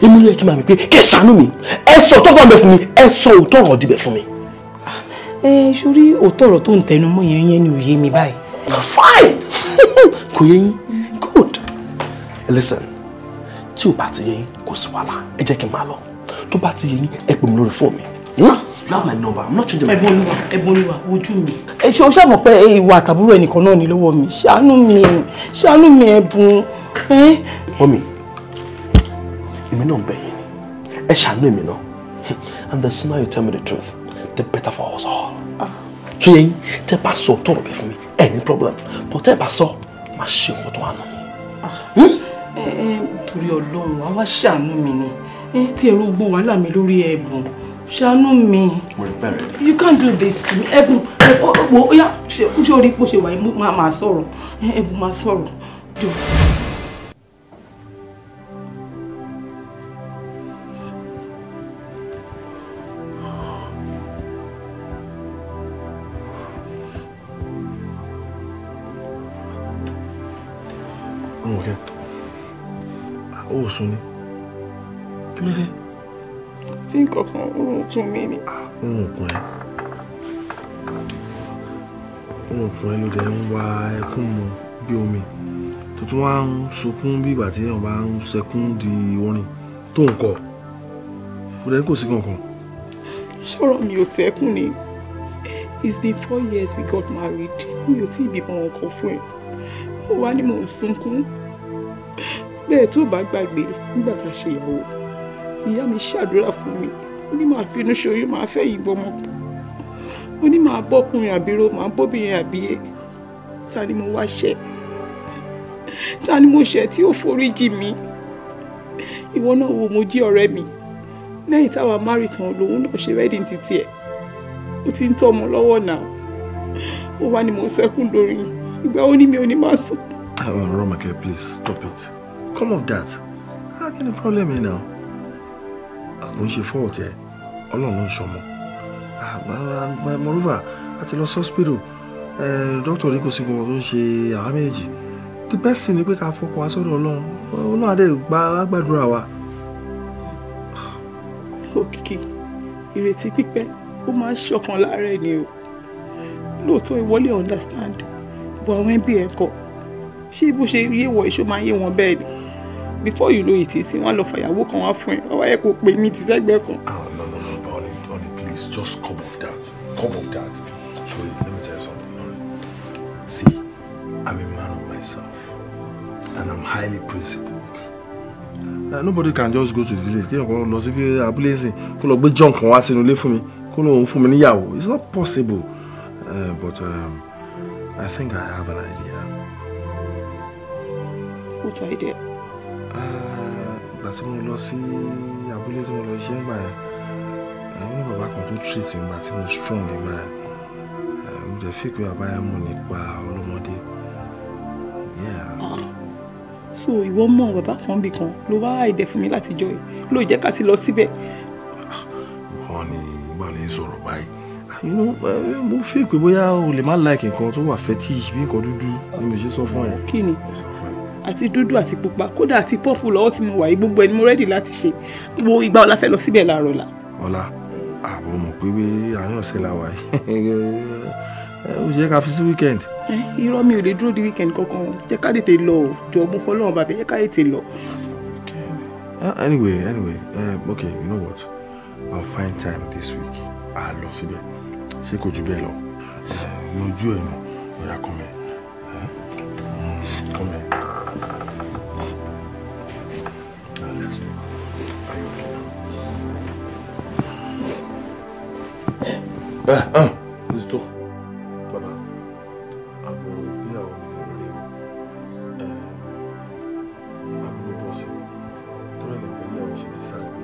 èmi yẹ kí n máa mi pé kí ẹ ṣàánú mi ẹ sọ òótọ́ kan bẹ̀ fún mi ẹ sọ òótọ́ ọ̀rọ̀ dibẹ̀ fún mi. ẹ ah, eh, sori òótọ́ ọ̀rọ̀ tó ń tẹnu mọ́ yẹn yẹn ni ò yé mi báyìí. fine kò yé yín good eh, listen tí ò bá ti yé yín kò sí wàhálà ẹ jẹ́ kí n máa lọ tó bá ti yé yín ẹ pè mí lórí fóònù mi. have my number. I'm not changing my number. Ẹ̀bùn olúwa, ẹ̀bùn olúwa, ojú mi. Ẹ ṣe o ṣàmọ̀ pé eh, ìwà àtàbúrò ẹnìkan náà ni lọ́wọ́ mi. Ṣàánú mi, ṣàánú mi ẹ̀bùn. Mọ́mí, èmi náà bẹ̀ any. I shall know èmi náà and the sooner you tell me the truth the better for us all. So yẹn tẹ́ bá sọ tọrọ bẹ fún mi ẹ problem but tẹ́ bá sọ máa ṣe nǹkan tó wà nù mí. ẹ ẹ torí Ọlọ́run wàá wá ṣàánú mi ni eh, tí ẹrú gbó wàhálà mi lórí ẹ̀bùn ṣàánú mi you can't do this to me ẹ̀bùn oh, ó yá ṣe orí pò ṣe wà máa sọ̀rọ̀ eh, ẹ̀bùn máa sọ̀rọ̀. sùn ni kí ló dé. tí nǹkan kan oorun òkun mi ni. oorun ah. òkun ẹ oorun òkun ẹ ló dé ń wa ẹkún mu bí omi tó tún wá ń sunkún bí ìgbà tí èèyàn bá ń it's been four years we got married mi ò tí ì bímọ ọkọ fún ẹ mo wá ní mò ń sunkún bẹ́ẹ̀ tó bá gbàgbé nígbà tá a ṣe ìyàwó ìyá mi ṣàdúrà fún mi ó ní màá finú ṣoyún màá fẹ́ yìnbọn mọ́ ó ní màá bọ́kùnrin àbíró màá bóbìnrin àbíyé ta ni mo wá ṣẹ̀ ta ni mo ṣẹ̀ tí ò foríjì mi ìwọ náà wo mo jí ọ̀rẹ́ mi lẹ́yìn táwa márì tán lòun náà ṣe wedding títí ẹ̀ ó ti ń tọ́ ọmọ lọ́wọ́ náà ó wá ní mo sẹ́kùn lórí ìgbà ó ní mi ò ní máa sùn. Ah, Rọ́mọkẹ́ please stop it come of that How can the problem be yìí náà àbò ń ṣe fault ẹ ọlọ́run ló ń And ah, moreover at the lọ hospital eh, doctor ní kò sí kankan she ń ṣe the best thing ni pé ká fọkàn wá sọ́dọ̀ ọlọ́run ọlọ́run adé gbàdúrà wa. òkìkí ìrètí pípẹ́ ó máa ń ṣọ̀kan lára ẹni o lóòótọ́ ìwọlé understand bọ̀ àwọn ẹbí ẹ̀ kọ́ ṣé bó ṣe yé wọ iṣó máa ń yé wọn bẹ́ẹ̀ ni before you know it ṣe wọn lọ fàyàwó kan wá fún ẹ ọwọ́ ẹ kò pè mí ti sẹ́gbẹ́ kan. ah no no no honey honey please just come off that come off that sorry let me tell you something honey see i'm a man of myself and i'm highly principled uh, nobody can just go to the village kéèyàn kan lọ sí abúlé ẹ̀sìn kó lọ gbé john kan wá sínú ilé fún mi kó lóun fún mi níyàwó it's not possible uh, but um, i think i have an idea. what idea? ìgbà tí mo lọ sí abúlé tí mo lọ iṣẹ́ gbà yẹn àwọn ní bàbá kan tó treat ìgbà tí mo strong ìgbà yẹn eh, mo dẹ̀ fi pé bàbá yẹn mọ̀ nípa ọlọ́mọdé. so ìwọ mọ bàbá kan bì kan ló wá ìdẹ fún mi láti jọ ẹ ló jẹ́ ká ti lọ síbẹ̀. wọn ni ìgbà lè sọ̀rọ̀ báyìí eh, mo fi pé bóyá o lè má like nǹkan tó wà fetish bí nǹkan dúdú ni mo ṣe sọ fún ẹ. kí ni àti dúdú àti pupa kódà àti pọ́pù lọ́wọ́ tí mo wà yìí gbogbo ẹni mo rẹ́dì láti ṣe wo ìgbà ọ̀la fẹ́ lọ síbẹ̀ láàárọ̀ la. ọ̀la àwọn ọmọ pé pé àárín ọ̀sẹ̀ la wà yìí ó ṣe é ká fi sí weekend. irọ́ mi ò lè dúró di weekend kankan jẹ́ ká tètè lọ ò jọ mo fọlọ́run bàbá jẹ́ ká tètè lọ. Ah, anyway anyway uh, okay you know what I'll find time this week a lọ síbẹ̀ ṣé kò jù bẹ́ẹ̀ lọ lójú eh, ẹ̀ nù Zito eh, eh. bàbá àbúrò ìgbéyàwó mi lè rí o eh, àbúrò bọ́ọ̀sì torí ẹ̀lẹ́ pẹ̀lú ìyàwó ṣe dísáì pé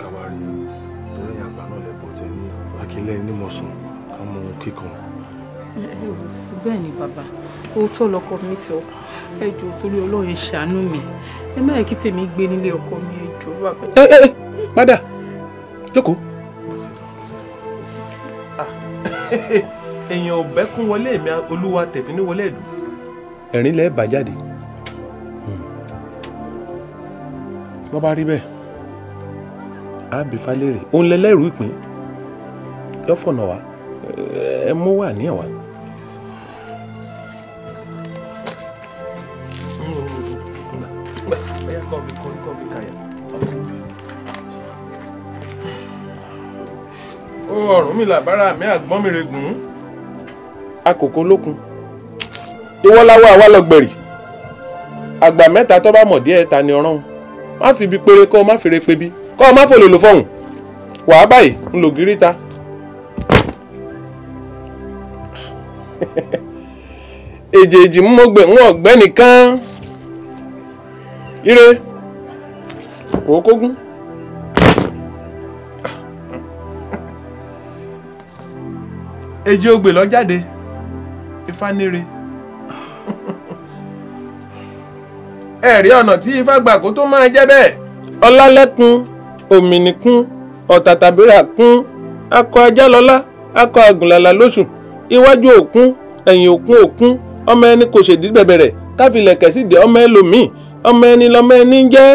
ká máa rí torí àgbà náà lẹ́bùn tẹ ní akílẹ̀ nímọ̀sán ká mọ ohun kíkan. bẹ́ẹ̀ ni bàbá òótọ́ lọkọ mi sọ ẹ jọ̀ọ́ torí Ọlọ́run ẹ ṣàánú mi ẹ má yẹ kí tèmi gbé nílé ọkọ mi ẹ jọ̀ọ́ bàbá. ẹ ẹ padà jókòó èèyàn ọ̀bẹ́kún wọlé mi olúwa tẹ̀fínú wọlé ẹ̀dùn. ẹ̀rín lẹ́ẹ̀ bá jáde. Hmm. bọ́ bá rí bẹ́ẹ̀ ábífálẹ́rẹ̀ òun lẹ́lẹ́rú ìpín yọ̀fọ̀nà wa ẹ mú wà ní mi làbára mi àgbọ́n mi regùn. àkókò lókun ìwọ láwọ àwa lọgbẹ̀rì àgbà mẹ́ta tó bá mọ̀ díẹ̀ ta ni ọ̀rán má fi ibi péré kọ́ má fèrè pebi kọ́ má fòlè lò fọ̀hún wàá báyìí ń lò gírí ta. èjèèjì mú mọ́gbẹ́ ń ọ̀gbẹ́ nìkan ire kò kógún. èjì ogbè lọ jáde ìfanire ẹ̀rí ọ̀nà tí ifá gbà kó tó máa jẹ́ bẹ́ẹ̀. ọlálẹ́kun òmìnìkun ọ̀tàtàbírà kún akọ ajálọlá akọ àgùnlàlà lóṣù iwájú òkun ẹ̀yìn òkun òkun ọmọ ẹni kò ṣèdí bẹ̀bẹ̀rẹ̀ káfílẹ̀kẹ̀ sì dé ọmọ ẹlòmíì ọmọ ẹni lọmọ ẹni ń jẹ́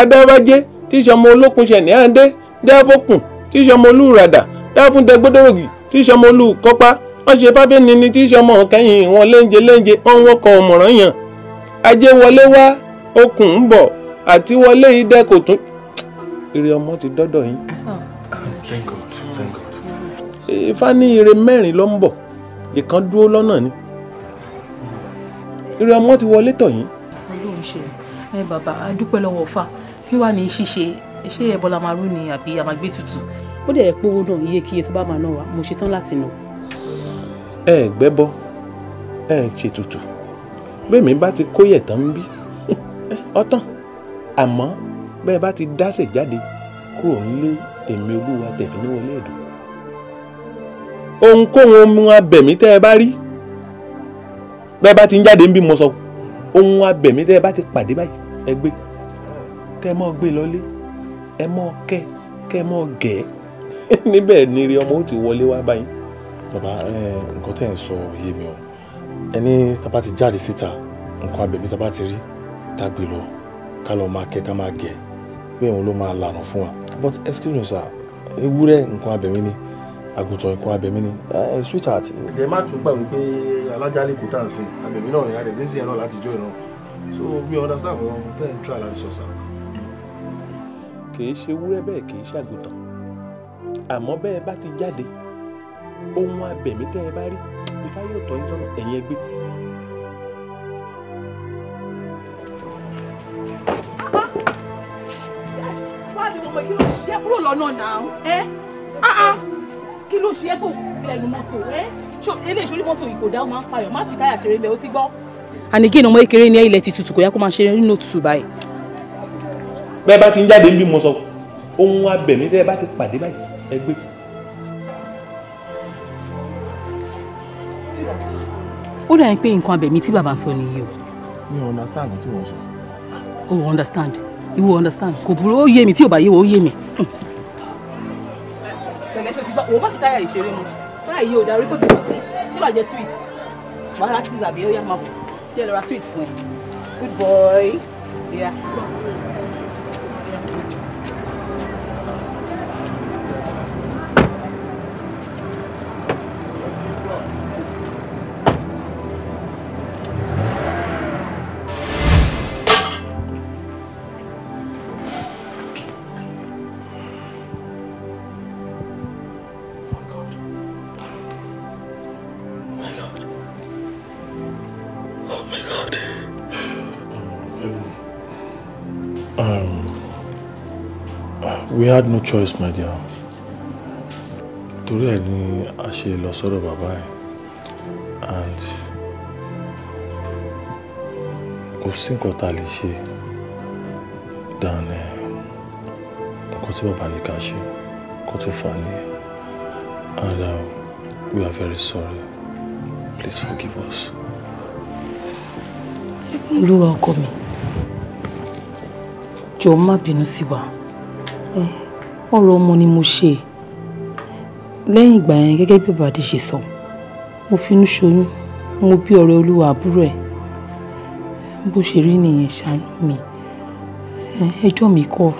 adáwájé tíṣọmọ olókun ṣẹ̀ ní àdé dáfókùn tíṣọmọ olúradà dáfúndẹgbódòrògì tí sọmọlú kọ́pá wọ́n ṣe fáfẹ́ni ni tí sọmọ kẹ́yìn wọn léńje léńje wọ́n ń wọ́kọ̀ ọ̀mọ̀ràn yàn ajé wọlé wá okùn ń bọ̀ àti wọlé idẹ kò tún ire ọmọ ti dọ́dọ̀ yín. thank God thank God. ifá ní ire mẹ́rin ló ń bọ̀ ìkan dúró lọ́nà ni ire ọmọ ti wọlé tọ̀ yín. ọlọ́run ṣe ẹ bàbá a dúpẹ́ lọ́wọ́ ọ̀fà kí wàá ní ṣíṣe ṣé ẹ̀bọ́lá máa rú ni àbí àmàgbé tutù ó dẹ̀ pé owó náà iyekíye tó bá máa ná wa mo ṣetán láti ná. ẹ ẹ gbẹ́bọ ẹ ẹ ṣètùtù bẹ́ẹ̀mi bá ti kóyẹ̀ tán ń bí ọ̀tán àmọ́ bẹ́ẹ̀ bá ti dáṣẹ̀ jáde kúrò nílé èmi olúwa tẹ̀fíníwọlé ẹ̀dùn ohunkóhun ohun abẹ̀mí tẹ́ ẹ bá rí bẹ́ẹ̀ bá ti ń jáde ń bí mo sọ ohun abẹ̀mí tẹ́ ẹ bá ti pàdé báyìí ẹ gbé kẹ́ ẹ mọ́ gbé lọ́lé ẹ mọ́ kẹ́ kẹ́ ẹ mọ́ gẹ̀ẹ́. níbẹ̀ ni rí ọmọ ó ti wọlé wá báyìí. bàbá nǹkan tẹ́ ẹ̀ ń sọ yé mi o ẹni tábà ti jáde síta nǹkan abẹ̀mí tábà ti rí ká gbé lọ ká lọ máa kẹ́ ká máa gẹ̀ pé òun ló máa lànà fún wa but excuse me sir ewúrẹ́ nǹkan abẹ̀mí ni àgùntàn nǹkan abẹ̀mí ni sweetheart. ẹ má tún gbà wípé alájálè kò tà ń sìn abẹ̀mí náà ní adẹ̀ sínsìn náà láti jó ìran so mi ò understand wọn ten try láti sọ sá. kì í ṣe ewúrẹ́ bẹ́ẹ̀ kì í ṣe àmọ́ bẹ́ẹ̀ bá ti jáde ohun abẹ̀mí tẹ́ ẹ bá rí ifá yóò tọ́ yín sọ́nà ẹ̀yin ẹgbẹ́. ọmọ kí ló ṣe é kúrò lọ́nà náà ẹ kí ló ṣe é kó lẹ́nu mọ́tò ẹ ilé ìṣòrí mọ́tò yìí kò dá máa ń payọ̀ má fi káyà ṣeré bẹ́ẹ̀ ó ti gbọ́. àníkìn ọmọ kékeré ní ilẹ̀ ti tutù kò yá kó máa ṣeré nínú òtútù báyìí. bẹ́ẹ̀ bá ti ń jáde ń bí mo sọ ohun abẹ̀mí tẹ́ ẹ bá ti pàdé báyìí ẹ gbé. ó dà yín pé nǹkan abẹ̀mí tí bàbá sọ nìyí o. mi ò understand tí wọ́n sọ. o ò understand ìwọ understand kò burú ó yé mi tí ò bá yé wọ ó yé mi. pẹ̀lẹ́ ṣe ti bá òun bá fi táyà ìṣeré mu táyà yìí darí kó ti bọ̀ tí wàá jẹ sweet wàá rà tí ìlàbẹ̀ ó yá máa bọ̀ tí lọ ra sweet fún ẹ good boy. Yeah. had no choice my dear Today I ní a ṣe lọ sọ́dọ̀ and kò sí nǹkan tá a lè ṣe dan eh, nǹkan tí bàbá ní ká and um, we are very sorry please forgive us. olúwa ọkọ mi jọ̀ọ́ má bínú ọ̀rọ̀ ọmọ ni mo ṣe lẹ́yìn ìgbà yẹn gẹ́gẹ́ bí bàbá ṣe sọ mo finú ṣoyún mo bí ọ̀rẹ́ olúwa àbúrò ẹ̀ bó ṣe rí nìyẹn ṣàánú mi ẹjọ́ mi kọ́.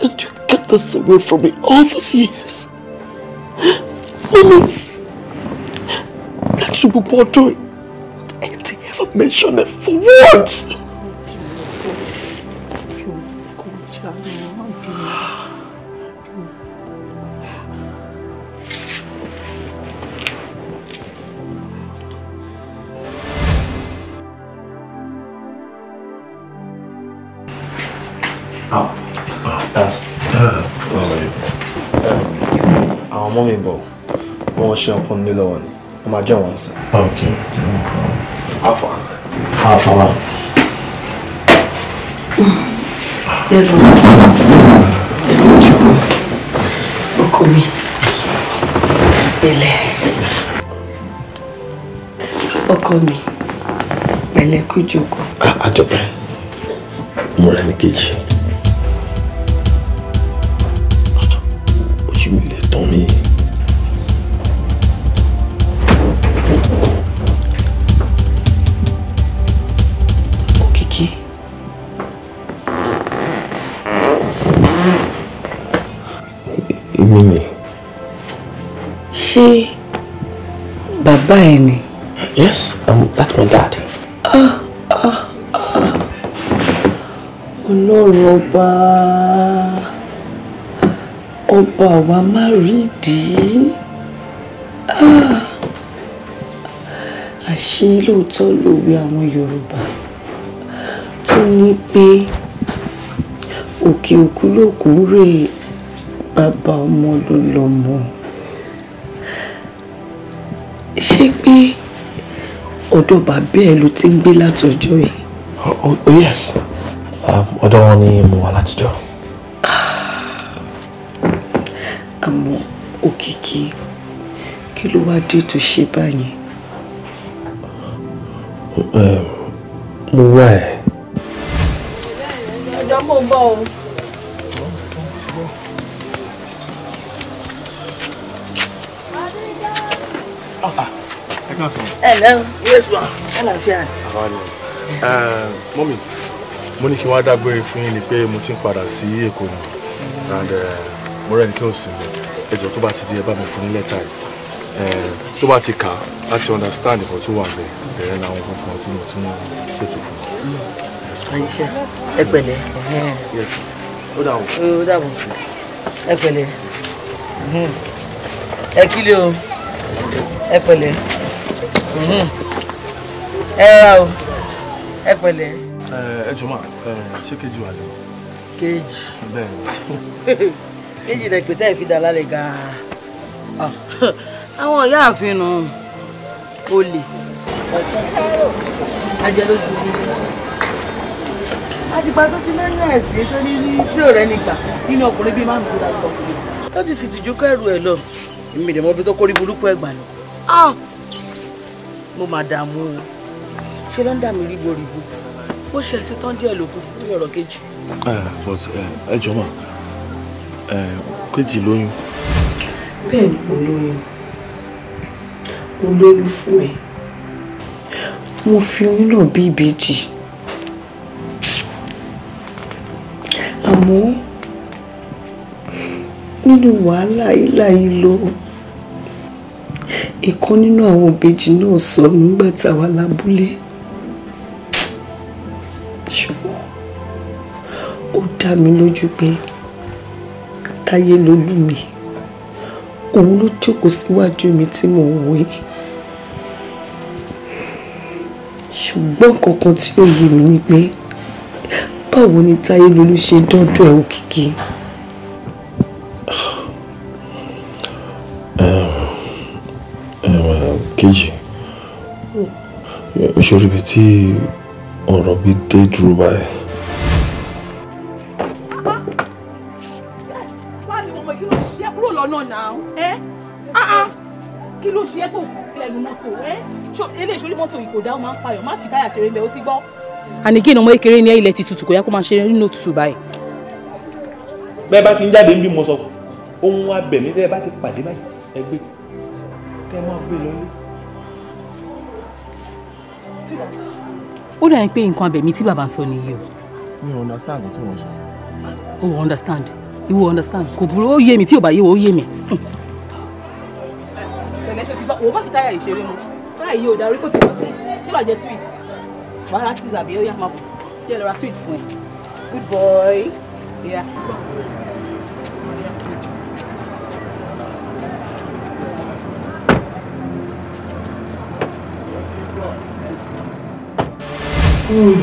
Did you get this away from me all these years? Mama, that's what we're doing mention it for once. àwọn mọ́mí bọ̀ wọ́n ṣe ọkùnrin nílọ́wọ́ ni wọ́n máa jẹ́ wọn sẹ́yìn fọlọ. ẹrù ẹrù vou ọkọ mi pẹ̀lẹ́ ọkọ mi pẹ̀lẹ́ kú jókòó. ah, mo rẹ̀ no kejì. mi ni. ṣé bàbá ẹ ni. yes um, that's my dad. Ah, ah, ah. ọlọ́run ọba ọba àwa má rí ìdí. àṣé lóòótọ́ lòwe àwọn Yorùbá tó ní pé òkè òkú lòkú bàbá ọmọ ló lọmọ ṣé pé ọ̀dọ̀ bàbá ẹ̀ ló ti ń gbé látọjọ́ yìí. oh, oh, oh yes um, ọ̀dọ̀ wọn ni mo wà látijọ́. Ah. àmọ́ òkìkí kí ló wá dé tó ṣe báyìí. Um, mo wá ẹ. ọjọ́ mo bọ̀ o. ẹ ká sọ. ẹ lẹ yes ma'am. àlàáfíà. àwa ni mọ́mì mo ní kí wọ́n á dágbére fún yín ni pé mo ti ń padà sí èkó ni and eh, mo rẹ́ni tó sì mi ẹjọ́ tó bá ti di ẹ bá mi fún ní lẹ́tà yìí eh, tó bá ti kà á láti understand ìkọ̀ tó wà bẹ́ẹ̀ bẹ̀rẹ̀ làwọn kankan tí mo tún ṣètò fún un. ẹ pẹ̀lẹ́ ó Yes. ó dàbọ̀ ẹ pẹ̀lẹ́ ẹ kílẹ̀ o ẹ pẹ̀lẹ́. Mm-hmm. ẹ ra o ẹ pẹ̀lẹ́. ẹ jọ máa ṣé kejì wà lọ. kejì. bẹ́ẹ̀ kejì rẹ pété ìfidà lálẹ́ gan-an ah, àwọn ọ̀yá àfinú olè ajẹlójú àtìgbà tó ti lẹ́yìn ẹ̀sìn tó ní ní tí ò rẹ́ nígbà nínú ọkùnrin bíi márùn-ún tó dáa lọ tó ti fìtìjú kẹrù ẹ̀ lọ èmi ìdẹ̀mọ́ bí tó kórí burúkú ẹ̀ gbà lọ. Ah! mo máa dààmú o ṣé ló ń dà mí rígbòrígbò ó ṣe ẹsẹ tán díẹ̀ lókun ní ọ̀rọ̀ kejì. ẹ jọ mà kejì lóyún. bẹ́ẹ̀ ni mo lóyún mo lóyún fún ẹ mo fi oyún náà bí ìbejì àmọ́ nínú wàhálà yìí lóhùn ìkan nínú àwọn òbejì náà sọnù nígbà tá a wà lábúlé ṣùgbọ́n ó dá mi lójú pé táyé ló lù mí òun ló jókòó síwájú mi tí mò ń wé ṣùgbọ́n kankan tí ó yé mi ni pé báwo ni táyé lolú ṣe dọ́dọ̀ ẹ̀ òkìkí. méjì ṣòro ibi tí ọ̀rọ̀ bí dé dúró báyìí. kí ló ṣe é tó lẹ́nu mọ́tò ẹ́ eléyìí sórí mọ́tò yìí kò dá máa ń payọ̀ má fi káyà ṣeré ń bẹ ó ti gbọ́. àní kí ni ọmọ kékeré ní ilẹ̀ ti tutù kò yá kó máa ṣeré nínú òtútù báyìí. bẹ́ẹ̀ bá ti ń jáde ń bí mo sọ ohun abẹ̀mí tẹ́ ẹ bá ti pàdé báyìí ẹ gbé kẹ́ ẹ máa gbé lọ ilé. ó dà yín pé nǹkan abẹ̀mí tí bàbá sọ nìyí o. mi ò understand kò tí wọ́n sọ. o ò understand ìwọ understand kò burú ó yé mi tí ò bá yé wọ ó yé mi. ṣẹlẹ̀ ṣe ti bá òun bá fi táyà ìṣeré mu táyà yìí darí kò tí wọ́n tẹ̀ ṣé wàá jẹ sweet wàá ra cheese àbí ó yá máa bọ̀ jẹ́ lọ ra sweet fún ẹ good boy. Yeah. àmọ́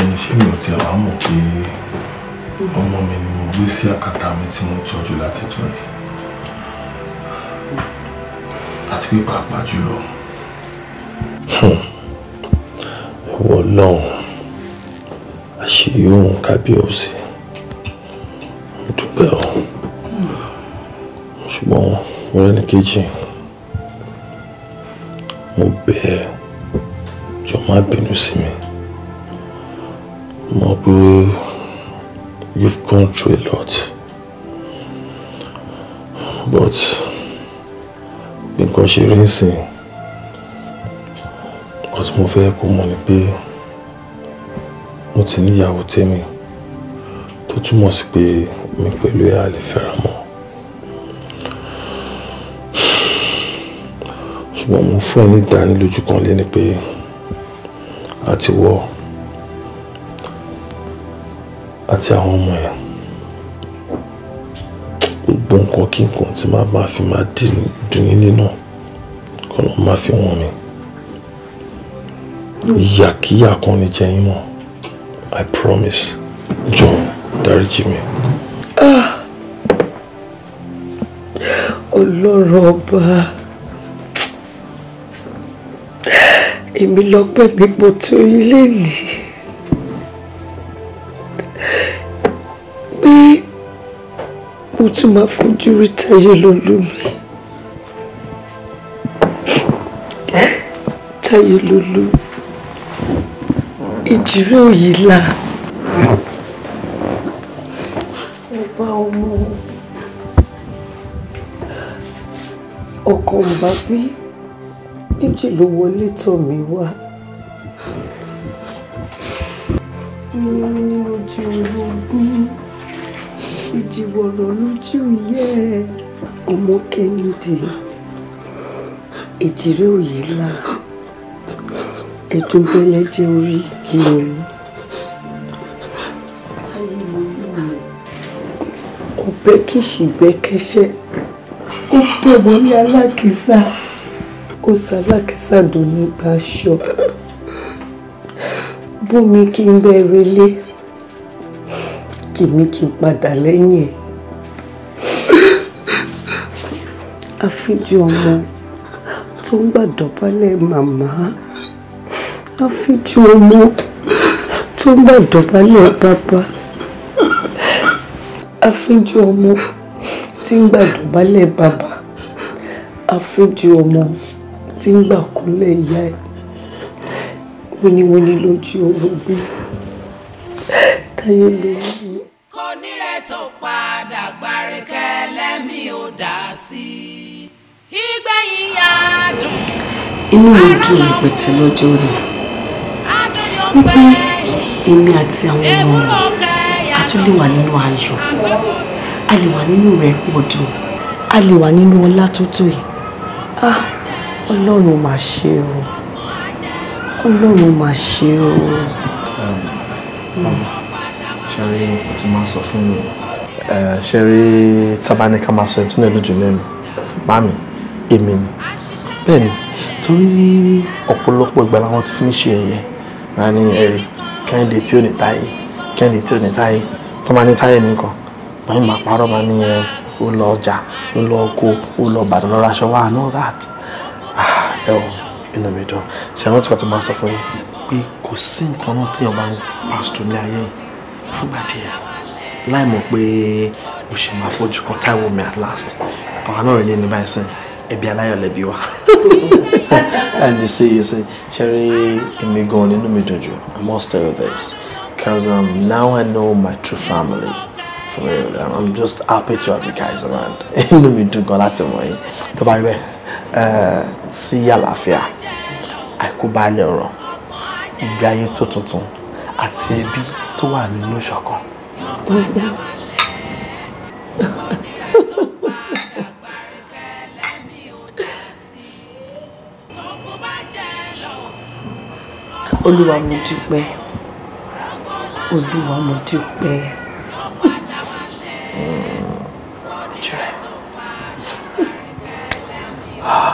ẹni ṣé mi ò tiẹ̀ wá mọ̀ pé ọmọ mi ni mo gbé sí àkàtà mi tí mo tọ́jú látijọ́ yìí àti pé pàápàá jùlọ. Hmm. ìwọ náà àṣeyọrùn kábíyèsí dúpẹ́ o ọ̀rẹ́ ní kejì mo bẹ̀ ẹ́ jọ má bínú sí mi mo pé you've gone through a lot but bí nǹkan ṣe rí nsìn nǹkan tí mo fẹ́ kó mọ̀ ni pé mo ti níyàwó tèmi tó túmọ̀ sí pé mi pẹ̀lú ẹ̀ á lè mọ́. ṣùgbọ́n mo fún ẹ ní ìdánilójú kan lé ni pé àti wọ àti àwọn ọmọ ẹ gbogbo nǹkan kí nǹkan tí má máa fi máa dùn yín nínú kọ́ ló máa fi wọ́n mi ìyàkíyà kan ní jẹ́ yín mọ́ I promise John. dáríjì mi. Ah! ọlọ́run ọba. dáàdì mi lọ́pẹ́ mi mo tó ilé nì pé mo tún máa fojú rí Táyé lólú mi Táyé lólú ìjìrẹ́ òyì la mo bá ọmọ ọkọ̀ ò bá gbé méjì ló wọlé tọ̀ mí wá mímú ní ojú ológun ìjìwọ̀rọ̀ lójú yẹ ọmọ kẹ́hìndé èjìrè òyì la ẹ̀dùn bẹ́lẹ̀ orí kìnìún. ọbẹ̀ kìsì gbẹ́kẹ́sẹ́ ó bẹ̀ wọlé alákìsà ó ṣalákìsàdò nígbà aṣọ bómi kí n bẹ relé kìmí kí n padà lẹ́yìn ẹ̀ àfijì ọmọ tó ń gbàdọ̀bálẹ̀ màmá àfijì ọmọ tó ń gbàdọ̀bálẹ̀ bàbá àfijì ọmọ tí ń gbàdọ̀bálẹ̀ bàbá àfijì ọmọ tí ń gbà kúnlẹ̀ ìyá ẹ̀ wíníwíní lójú olóògbé táyé lóyún. kò nírẹ̀ tó padà gbàrẹ́kẹ́ lẹ́mí ò dá sí i ìgbẹ̀yìn yá dùn. inú mi dùn pẹ̀tẹ́ lọ́jọ́ rẹ̀ wípé èmi àti àwọn ọmọ rẹ̀ a tún lè wà nínú ayọ̀ a lè wà nínú rẹ̀ pọ̀ dùn a lè wà nínú ọlá tó yìí. Ah, ọlọ́run mà ṣe o ọlọ́run mà ṣe o. Um, um, ṣeré nǹkan tí máa sọ fún mi ṣeré tábánikà máa sọ ìtúnẹ̀ lójú lẹ́nu bá mi èmi ni bẹ́ẹ̀ ni torí ọ̀pọ̀lọpọ̀ ìgbà làwọn ti fi ń ṣe ẹ̀yẹ wọn ní ẹ̀rí kẹ́hìndé tí ò ní táyé kẹ́hìndé tí ò ní táyé tó máa ní táyé nìkan báyìí máa parọ́ máa ní ẹ ó lọ ọjà ó lọ oko ó lọ Ìbàdàn lọ raṣọ wa and all that Ah, ẹ ọ inú mi dùn ṣe àwọn tìkọ̀ tí máa sọ fún yín pé kò sí nǹkan náà téèyàn bá ń pàṣẹ ní ayé yìí fúngbà díẹ̀ láì mọ̀ pé mo ṣe máa fojú kan táìwò mi at last àwa náà rí ní báyìí sẹ́yìn ẹbí aláyọ̀ lẹ́bí wa and you see you see ṣẹ́rí èmi gan-an nínú mi dùn jù I must tell you this because um, now I know my true family for real I'm just happy to have you guys around inú mi dùn gan láti mọ̀ yín tó bá rí bẹ́ẹ̀. Eh, sí àlàáfíà àìkúbálẹ̀ ọ̀rọ̀ ìgbé ayé tó tuntun àti ẹbí tó wà nínú ìṣọ̀kan. olúwa mo dúpẹ́ olúwa Ah.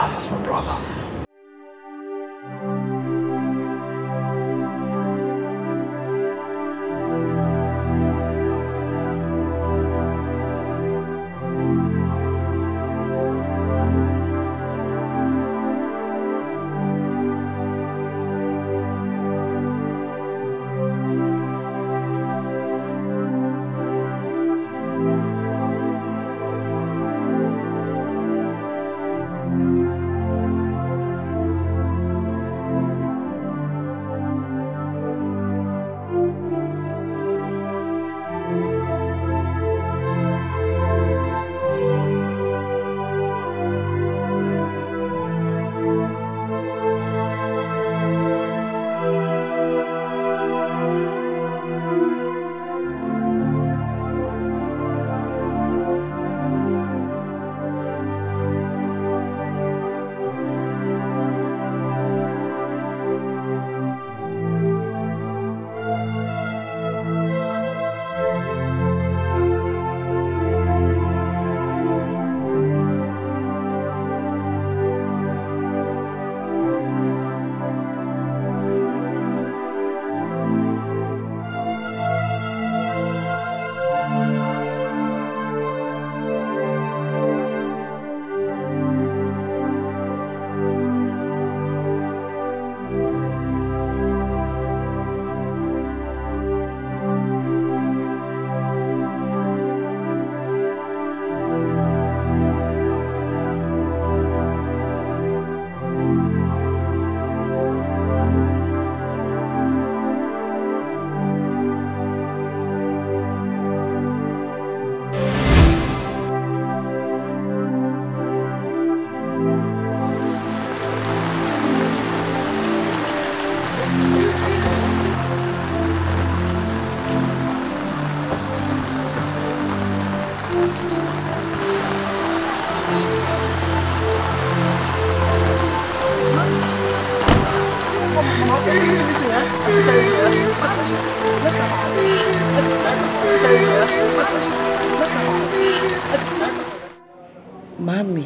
mi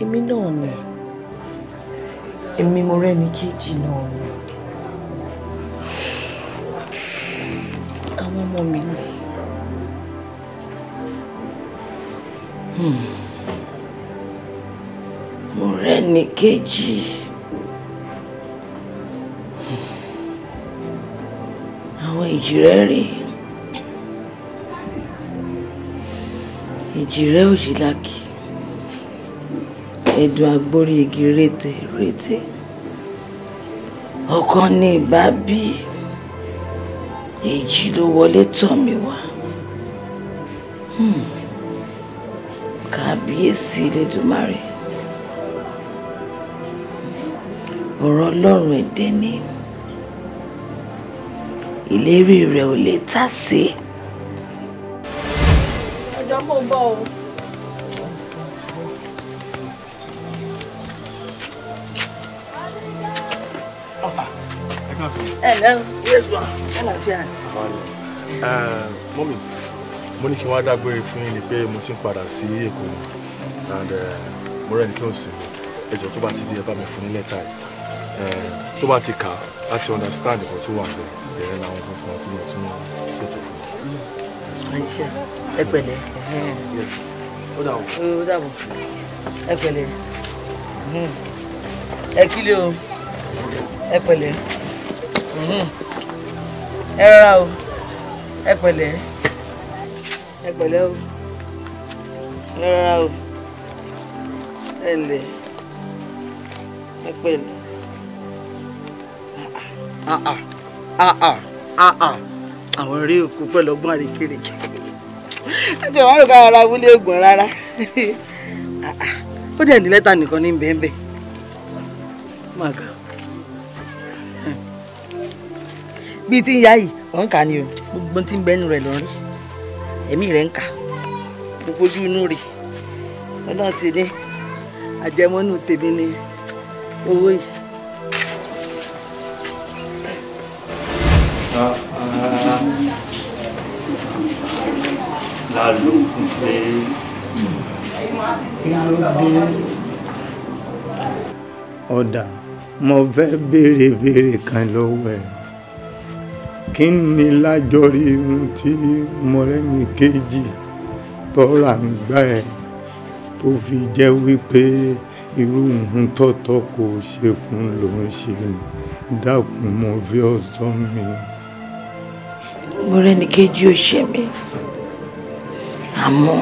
èmi náà ni èmi mo rẹ́ni kejì náà ni àwọn ọmọ mi ni. Hmm. mo rẹ́ni kejì. Hmm. àwọn ìjì rẹ̀ rí i. ìjìrẹ́ òjì lákì ẹ̀dùn àgbórí igi rètè rètè ọ̀kan ni ìbá bí èjì ló wọlé tọ̀ mí wá hmm. kàbíyèsí Elédùmarè ọ̀rọ̀ ọlọ́run ẹ̀dẹ́ ni ìlérí rẹ̀ ò lè tàsé. Si gbọ́ o. Hello. Ah, yes, ma. Àlàáfíà. Mọ́mí, mo ní kí n wá dágbére fún yín ni pé mo ti ń padà sí Èkó and eh, mo rẹ̀ ní kí n sì ẹjọ́ tó bá ti di ẹ bá mi fún ní lẹ́tà yìí. Eh, tó bá ti kà á láti understand ìkọ́ tó wà bẹ́ẹ̀ bẹ̀rẹ̀ làwọn kan tí mo tún ṣètò fún. Thank you ẹ pẹ̀lẹ́ ó dàbọ̀ ẹ pẹ̀lẹ́ ẹ kílé o ẹ pẹ̀lẹ́ ẹ rárá o ẹ pẹ̀lẹ́ ẹ pẹ̀lẹ́ o ẹ rárá o ẹ lẹ̀ ẹ pẹ̀lẹ́ ah, ah. Ah, àwọn eré òkú pẹ̀lú ọgbọ́n àrékèrèké láti ẹ̀wọ̀n àrùkọ ara wúlé ègùn rárá ó jẹ́ ní lẹ́tà nìkan ní bẹ́ẹ̀bẹ́ má ga bíi tí ń yá yìí ọ̀ ń kà ni o gbogbo tí ń bẹ́nu rẹ̀ lọ́rí ẹ̀mí rẹ̀ ń kà mo fojú inú rè ọlọ́run ti ní àjẹmọ́nú tèmi ni owó yìí. lóògùn pé kí ló dé ọ̀dà mo fẹ́ béèrè béèrè kan lọ́wọ́ ẹ̀ kí ni lájọrí irun tí mọ̀rẹ́ni kejì tọ́ra ń gbá ẹ̀ tó fi jẹ́ wípé irú ohun tọ́tọ́ kò ṣe fún ló ń ṣe dákun mo fi ọ̀sán mi. mọ̀rẹ́ni kejì ò ṣe mí àmọ́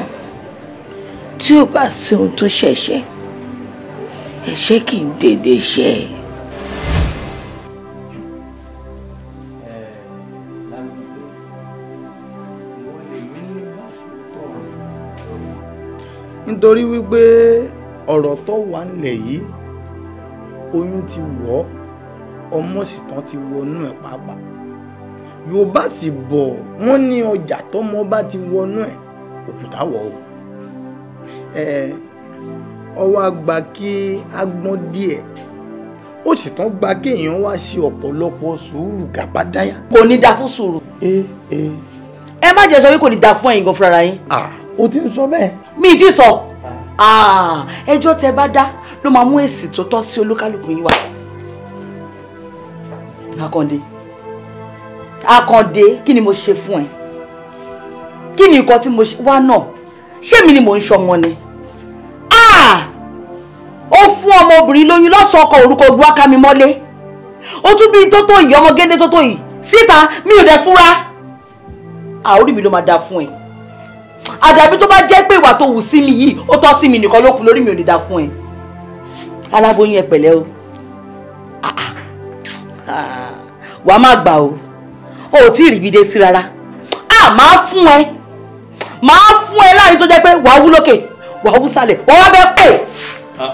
tí ó bá sí ohun tó ṣẹ̀ṣẹ̀ ẹ̀ṣẹ̀ kì í dédé ṣe é. nítorí wípé ọ̀rọ̀ tó wà nílẹ̀ yìí oyún ti wọ̀ ọ́ ọmọ sì tán ti wọnú ẹ̀ pàápàá yorùbá sì bọ̀ wọ́n ní ọjà tọ́mọ bá ti wọnú ẹ̀ òkúta wọ̀ ọ́ ọwọ́ àgbà kí á gbọ́n díẹ̀ ó sì tán gba kéèyàn wá sí ọ̀pọ̀lọpọ̀ sùúrù gàbádáyà. kò ní da fún sùúrù. ẹ ẹ. ẹ má jẹ́ sọ pé kò ní da fún ẹ̀yin gan fúnra yín. ah o ti ń sọ bẹ́ẹ̀. mi ti sọ ẹjọ́ tẹ bá dá ló máa mú èsì tó tọ́ sí olúkálùkù yín wá. Akande Akande kí ni mo ṣe fún ẹ kí ni nǹkan tí mo wá náà ṣé mi ni mò ń ṣọmọ ni ah! ó fún ọmọbìnrin lóyún lọ́sàn ọkọ̀ orúkọ gbọ́ká mi mọ́lé ó tún bí tó tó yìí ọmọgédé tó tó yìí síta mi ò dẹ̀ fúra àórí mi ló máa da fún ẹ àdàbí tó bá jẹ́ pé ìwà tó wù sí mi yìí ó tọ́ sí mi nìkan ló kù lórí mi ò ní da fún ẹ aláboyún ẹ pẹ̀lẹ́ o ah, ah. wàá má gbà o ò tí ì rí ibi dé sí rárá a máa fún ẹ máa fún ẹ láàrin tó jẹ́ pé wàá wú lókè wàá wú sálẹ̀ wàá wá bẹ́ẹ̀ pò.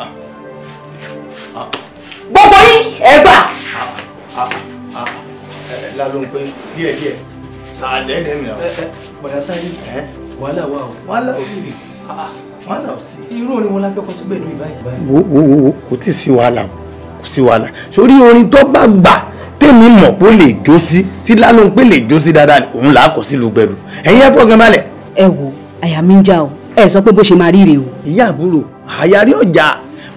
gbogbo yín ẹ gbà. lálọ́ ń pẹ́ díẹ̀ díẹ̀ àlẹ́ ẹ̀ mi rà. bọ̀dá sáré wàhálà wà o. wàhálà ò sí wàhálà ò sí. irú orin wọn la fẹ́ kọ síbẹ̀ dùn ìbáyìí. wo wo wo kò tí ì sí wàhálà kò sí wàhálà sórí orin tó bá gbà tèmi mọ̀ pé ó lè jó sí tí lálóńpé lè jó sí dáadáa òun là á kọ sílùú gbẹ̀rù ẹ̀yin ẹ̀ fọ́gàn balẹ̀ ẹ wò àyà mi ń já o ẹ sọ pé bó ṣe máa ríre o. ìyá àbúrò àyàrí ọjà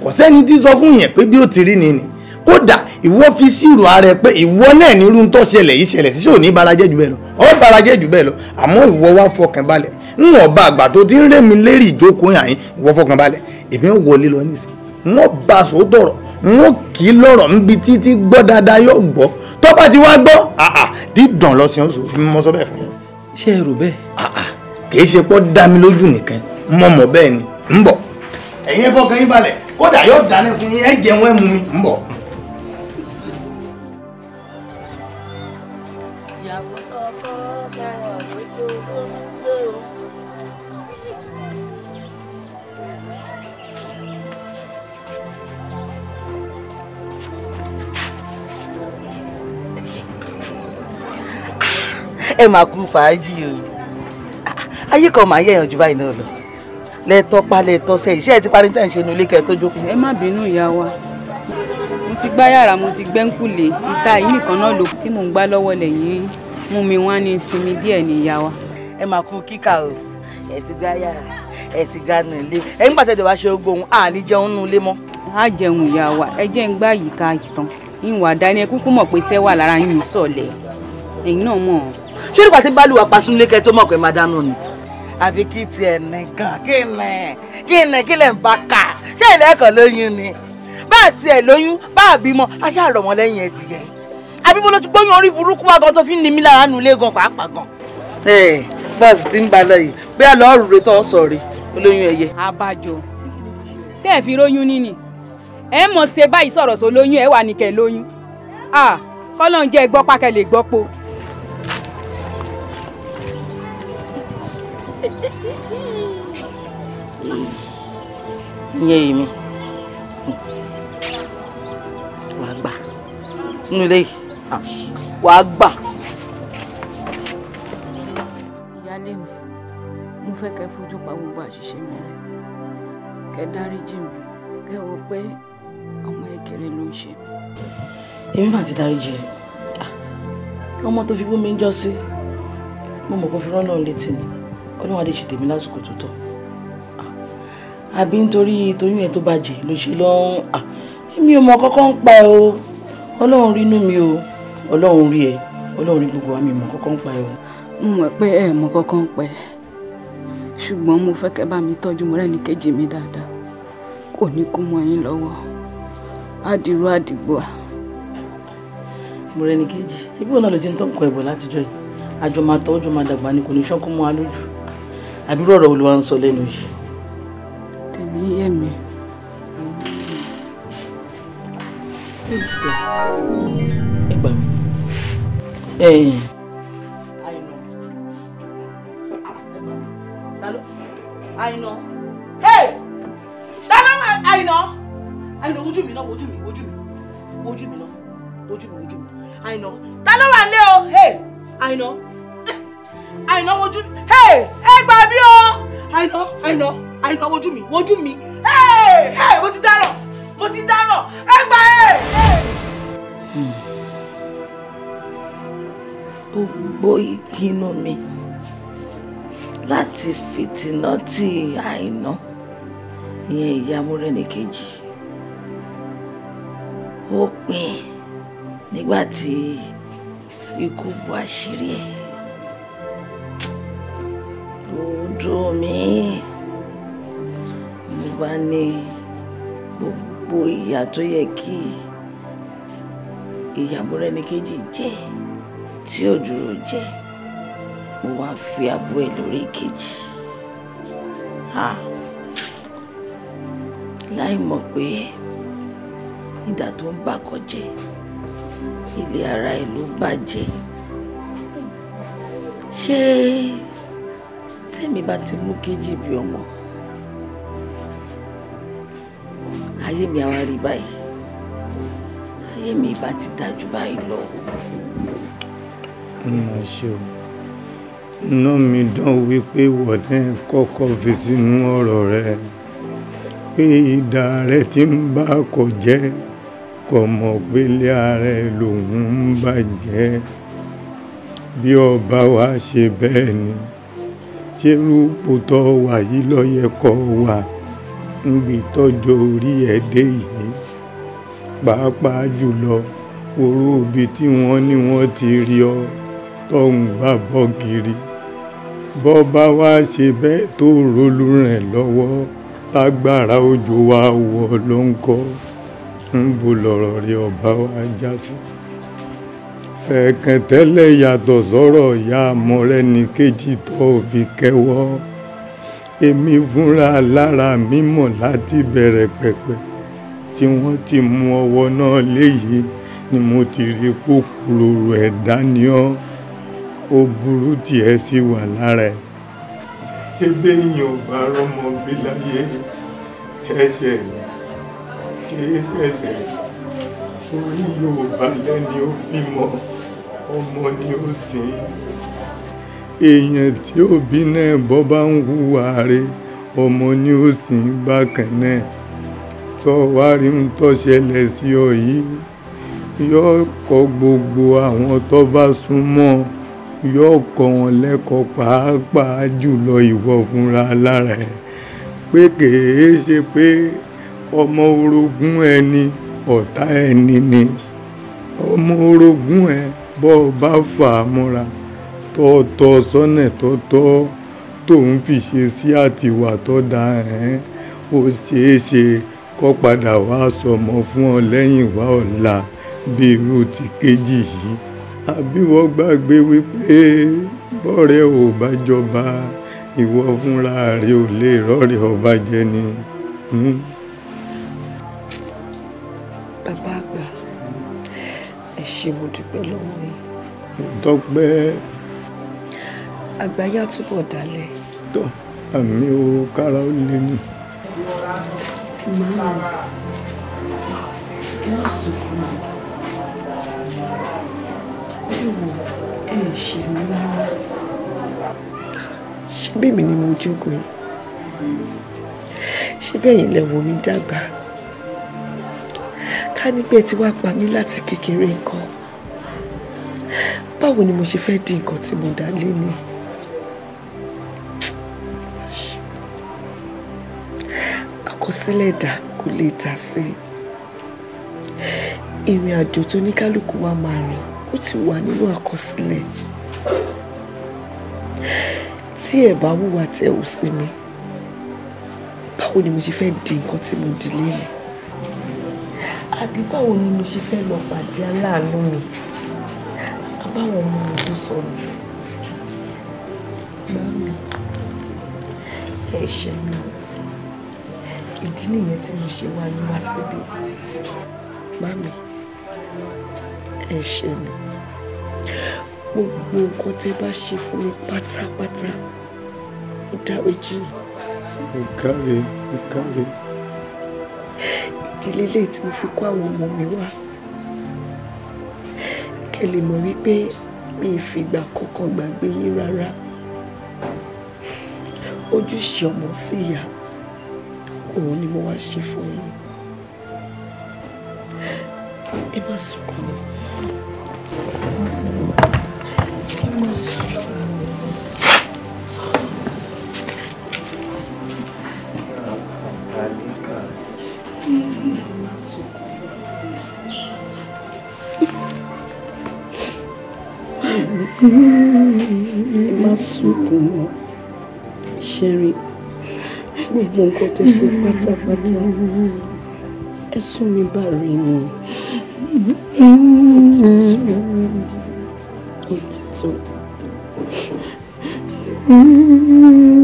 kò sẹ́ni tí sọ fún yẹn pé bí ó ti rí ni ni kódà ìwọ fi sírò ara ẹ pé ìwọ náà ní irú tó ṣẹlẹ̀ yìí ṣẹlẹ̀ sísè òní barajẹ́ jù bẹ́ẹ̀ lọ ọ barajẹ́ jù bẹ́ẹ̀ lọ àmọ́ ìwọ wá fọkàn balẹ̀ ń ọba àgbà tó ti ń rẹ́ mi lérí ìjókòó yàn yín ìwọ fọkàn balẹ̀ èmi ń wọlé lọ nísìn wọn bá a sòótọ́ ọ̀rọ̀ wọn kì í lọ́rọ̀ níbi títí gbọ́ dáadáa yóò gbọ́ tó ti wá gbọ́ dídàn lọ sí ọ̀sọ̀ mo fún yín. ṣé ẹ rò bẹ́ẹ̀ kìí ṣe pọ́ dá mi lójú nìkan mọ̀ mọ̀ bẹ́ẹ̀ ni ń bọ̀. ẹ̀yin ẹ̀fọ́ kan yín balẹ̀ kódà yóò dáná fún yín ẹ̀ jẹun ẹ̀ mú mi ń bọ̀. ẹ máa kú fàájì o ayé kan máa yẹ̀yàn jù báyìí náà lọ lẹ́ẹ̀tọ́ pa lẹ́ẹ̀tọ́ sẹ́yìn iṣẹ́ ẹ ti parí tẹ̀ ń ṣe inú ilé kẹ́ẹ̀ tó jókòó. ẹ má bínú ìyá wa mo ti gbá yàrá mo ti gbẹ́ńkùlé ìta yìí nìkan náà ló tí mò ń gbá lọ́wọ́ lẹ́yìn mú mi wá ní ìsinmi díẹ̀ ní ìyá wa. ẹ máa kú kíkà o ẹ ti gbá yàrá ẹ ti gbá nù ilé ẹ nígbà tẹ̀dẹ̀ wá ṣe ogbó ohun à ní jẹun nù ilé mọ́. á jẹun ìyá wa ẹ jẹ́ ń gbá àyíká ìtàn ìwà dání ẹ kúkú mọ̀ pé iṣẹ́ lára yín ìsọ̀lẹ̀ ẹ̀yin náà mọ̀. ṣé nígbà tí bá lù wá pa sínú kẹ́ tó mọ̀ pé má dáná ni àfi kí tiẹ̀ nìkan kí nì kí nì kí lè ń bá kà ṣé ìlẹ́kàn lóyún ni báà tiẹ̀ lóyún báà bímọ aṣá rọ̀ wọ́n lẹ́yìn ẹ̀dìyẹ àbíbo ló ti gbóyún orí burúkú wa gan tó fi ń ni mí lára nù ilé gan pàápàá gan. ẹ bọ́ọ̀sì ti ń balẹ̀ yìí bí àlọ́ ọ̀rùn rẹ tó sọ̀rí olóyún ẹyẹ. àbájọ tẹ́ ẹ̀ fi róyún níní ẹ mọ̀ ṣe báyìí sọ̀rọ̀ sọ lóyún ẹ wà ní kẹ́ lóyún kọ́lọ́n jẹ́ gbọ́pá lè gbọ́po. ìyẹn èmi wàá gbà nínú ilé yìí wàá gbà. ìyáálé mi mo fẹ́ kẹ́ fojú pa gbogbo àṣìṣe mi rẹ̀ kẹ́ dáríjì mi kẹ́ wo pé ọmọ ẹ̀kẹ́rẹ́ ló ń ṣe mí. èmi máa ti dáríjì ẹ ọmọ tó fi bómi ń jọ sí mo mọ̀ kó fi rán lọ́run létí ni ọlọ́run adé ṣe tèmi lásìkò tó tọ́ ah, àbí nítorí toyún ẹ tó bàjẹ́ ló ṣe lọ́hún ah, èmi ò mọ kọ́kọ́ ń pa ẹ o ọlọ́run rí inú mi o ọlọ́run rí ẹ ọlọ́run rí gbogbo wa mi mọ kọ́kọ́ ń pa ẹ o. mo mọ̀ pé ẹ mọ kọ́kọ́ ń pa ẹ ṣùgbọ́n mo fẹ́ kẹ́ bá mi tọ́jú mo rẹ́ni kejì mi dáadáa kò ní kú mọ́ yín lọ́wọ́ àdìrú àdìgbò mo rẹ́ni kejì ibú náà ló ti ń tọ́ nǹkan ẹ̀bọ̀ látijọ́ yìí àjọ máa tọ́ máa dàgbà ni kò ní ṣọ́kú mọ́ alójú àbúrò ọ̀rọ̀ wo ló wá ń sọ lẹ́nu yìí. tèmi yé mi. ẹ gbà mí. ẹyìn. Ah, ojú mi náà ojú mi ojú mi ojú mi náà ojú mi ojú mi àìnà dáná máa lé o àìnà àìná wojú mi ẹ gbà mí o àìná àìná àìná wojú mi wojú mi ẹ mo ti dáràn mo ti dáràn ẹ gbà ẹ. gbogbo ìpinnu mi láti fìtínà ti àìná ìyẹn ìyá Mọ́rẹ́níkejì ó pin nígbà tí ikú bu àṣírí ẹ̀ ojú mi mo bá ní gbogbo ìyà tó yẹ kí ìyàwó rẹ ní kejì jẹ tí ò dúró jẹ mo wá fi abo ẹ lórí kejì láì mọ̀ pé ìdà tó ń bà kọjẹ ilé ara ẹ ló bàjẹ́ ṣé tẹ́mi bá ti mú kejì bí ọmọ ayé mi àwa rí báyìí ayé mi ìbá ti dájú báyìí lọ. mo ṣe o iná mi dán wípé wọ̀dẹ́ kọ́kọ́ fi sínú ọ̀rọ̀ rẹ pé idà rẹ ti ń bá kọ jẹ́ kò mọ̀ pélé ààrẹ lòun ń bàjẹ́ bí ọba wa ṣe bẹ́ẹ̀ ni ṣerúpò tó wà yìí ló yẹ kó wà níbi tọ́jọ́ orí ẹ̀ yìí pàápàá jùlọ orú ibi tí wọ́n ní wọ́n ti rí ọ tó ń bọ́ kiri bọ́ bá wá ṣe bẹ́ẹ̀ tó rolú rẹ̀ lọ́wọ́ lágbára òjò wa wọ̀ ló ń kọ́ ń bo lọ̀rọ̀ rẹ̀ ọba wa já sí fẹ̀kẹ̀tẹ́lẹ̀ yàtọ̀ sọ̀rọ̀ ìyá Mọ́rẹ́ni kejì tó fi kẹwọ́ èmi fúnra lára mímọ̀ láti bẹ̀rẹ̀ pẹ̀pẹ̀ tí wọ́n ti mú ọwọ́ náà léyìí ni mo ti rí kòkòrò rẹ̀ dáníọ́ ó burú tiẹ̀ sì wà lára ẹ̀. ṣé bẹ́yìn ò rọmọ bí láyé ṣẹ̀ṣẹ̀ ṣẹ̀ṣẹ̀ orí yóò bá lẹ́ni ó bímọ ọmọ ni ó sìn èèyàn tí òbí náà bọ́ bá ń hùwà rẹ ọmọ ni ó sìn bákan náà tó wá rí ń tó ṣẹlẹ̀ sí ọ yìí yóò kọ́ gbogbo àwọn tó bá súnmọ́ yóò kọ́ wọn lẹ́kọ̀ọ́ pàápàá jùlọ ìwọ fúnra lára ẹ̀ pé kèé ṣe pé ọmọ orogún ẹni ọ̀tá ẹni ni ọmọ orogún ẹ. E bọ́ ọ bá fà á mọ́ra tọ́ ọ tọ́ ọ sọ́nà tó tọ́ tóun fi ṣe sí àtiwà tó da ẹ̀ẹ́n ó ṣeé ṣe kó padà wá sọmọ fún ọ lẹ́yìn wá ọ̀la bí irú ti kejì yìí àbí gbàgbé wípé bọ́rẹ̀ ò bá jọba ìwọ fúnra rẹ ò lè rọ́ọ̀rẹ́ ọba jẹ ni. bàbá àgbà ẹ ṣé mo dúpẹ́ lọ́wọ́ yìí. mo dọ́gbẹ́. àgbáyé àtúbọ̀ dálẹ̀. tó àmì o kára ó lé ní. màá ẹ má sunkún mi kúrò ẹ ṣe mí rárá ṣé bẹ́ẹ̀ mi ni mo jókòó yìí ṣé bẹ́ẹ̀ yìí lẹ wò mí dàgbà ká nígbẹ́ tí wàá pa mí láti kékeré nǹkan báwo ni mo ṣe fẹ́ di nǹkan tí mo dá lé ní. àkọsílẹ̀ ẹ̀dá kò lè tà sí ìrìn àjò tó ní kálukú wa máa rìn ó ti wà nínú àkọsílẹ̀ tí ẹ bá wùwà tẹ ò sí mi báwo ni mo ṣe fẹ́ di nǹkan tí mo dì lé báwo ni mo ṣe fẹ́ lọ pàdé aláàánú mi àbáwọn ọmọ mi tó sọnù báwo ẹ ṣe mi ìdí nìyẹn tí mo ṣe wá ní wá síbi mami ẹ ṣe mi gbogbo nǹkan tẹ́ bá ṣe fún mi pátápátá ó dáríjì. ọ̀gá rẹ̀ ọ̀gá rẹ̀ ìwádìí lélẹ̀ tí mo fi kó àwọn ọmọ mi wá kẹ́ lè mọ̀ wípé mi ì fìgbà kankan gbàgbé yín rárá ojúṣe ọmọ sí ìyá òun ni mo wá ṣe fún yín ẹ má sunkún ẹ má sunkún. ẹ má sunkún mọ́ ṣẹ́rin gbogbo nǹkan tẹ́ ṣe pátápátá ẹ sún mi bá rí ni òtítọ́ òtítọ́.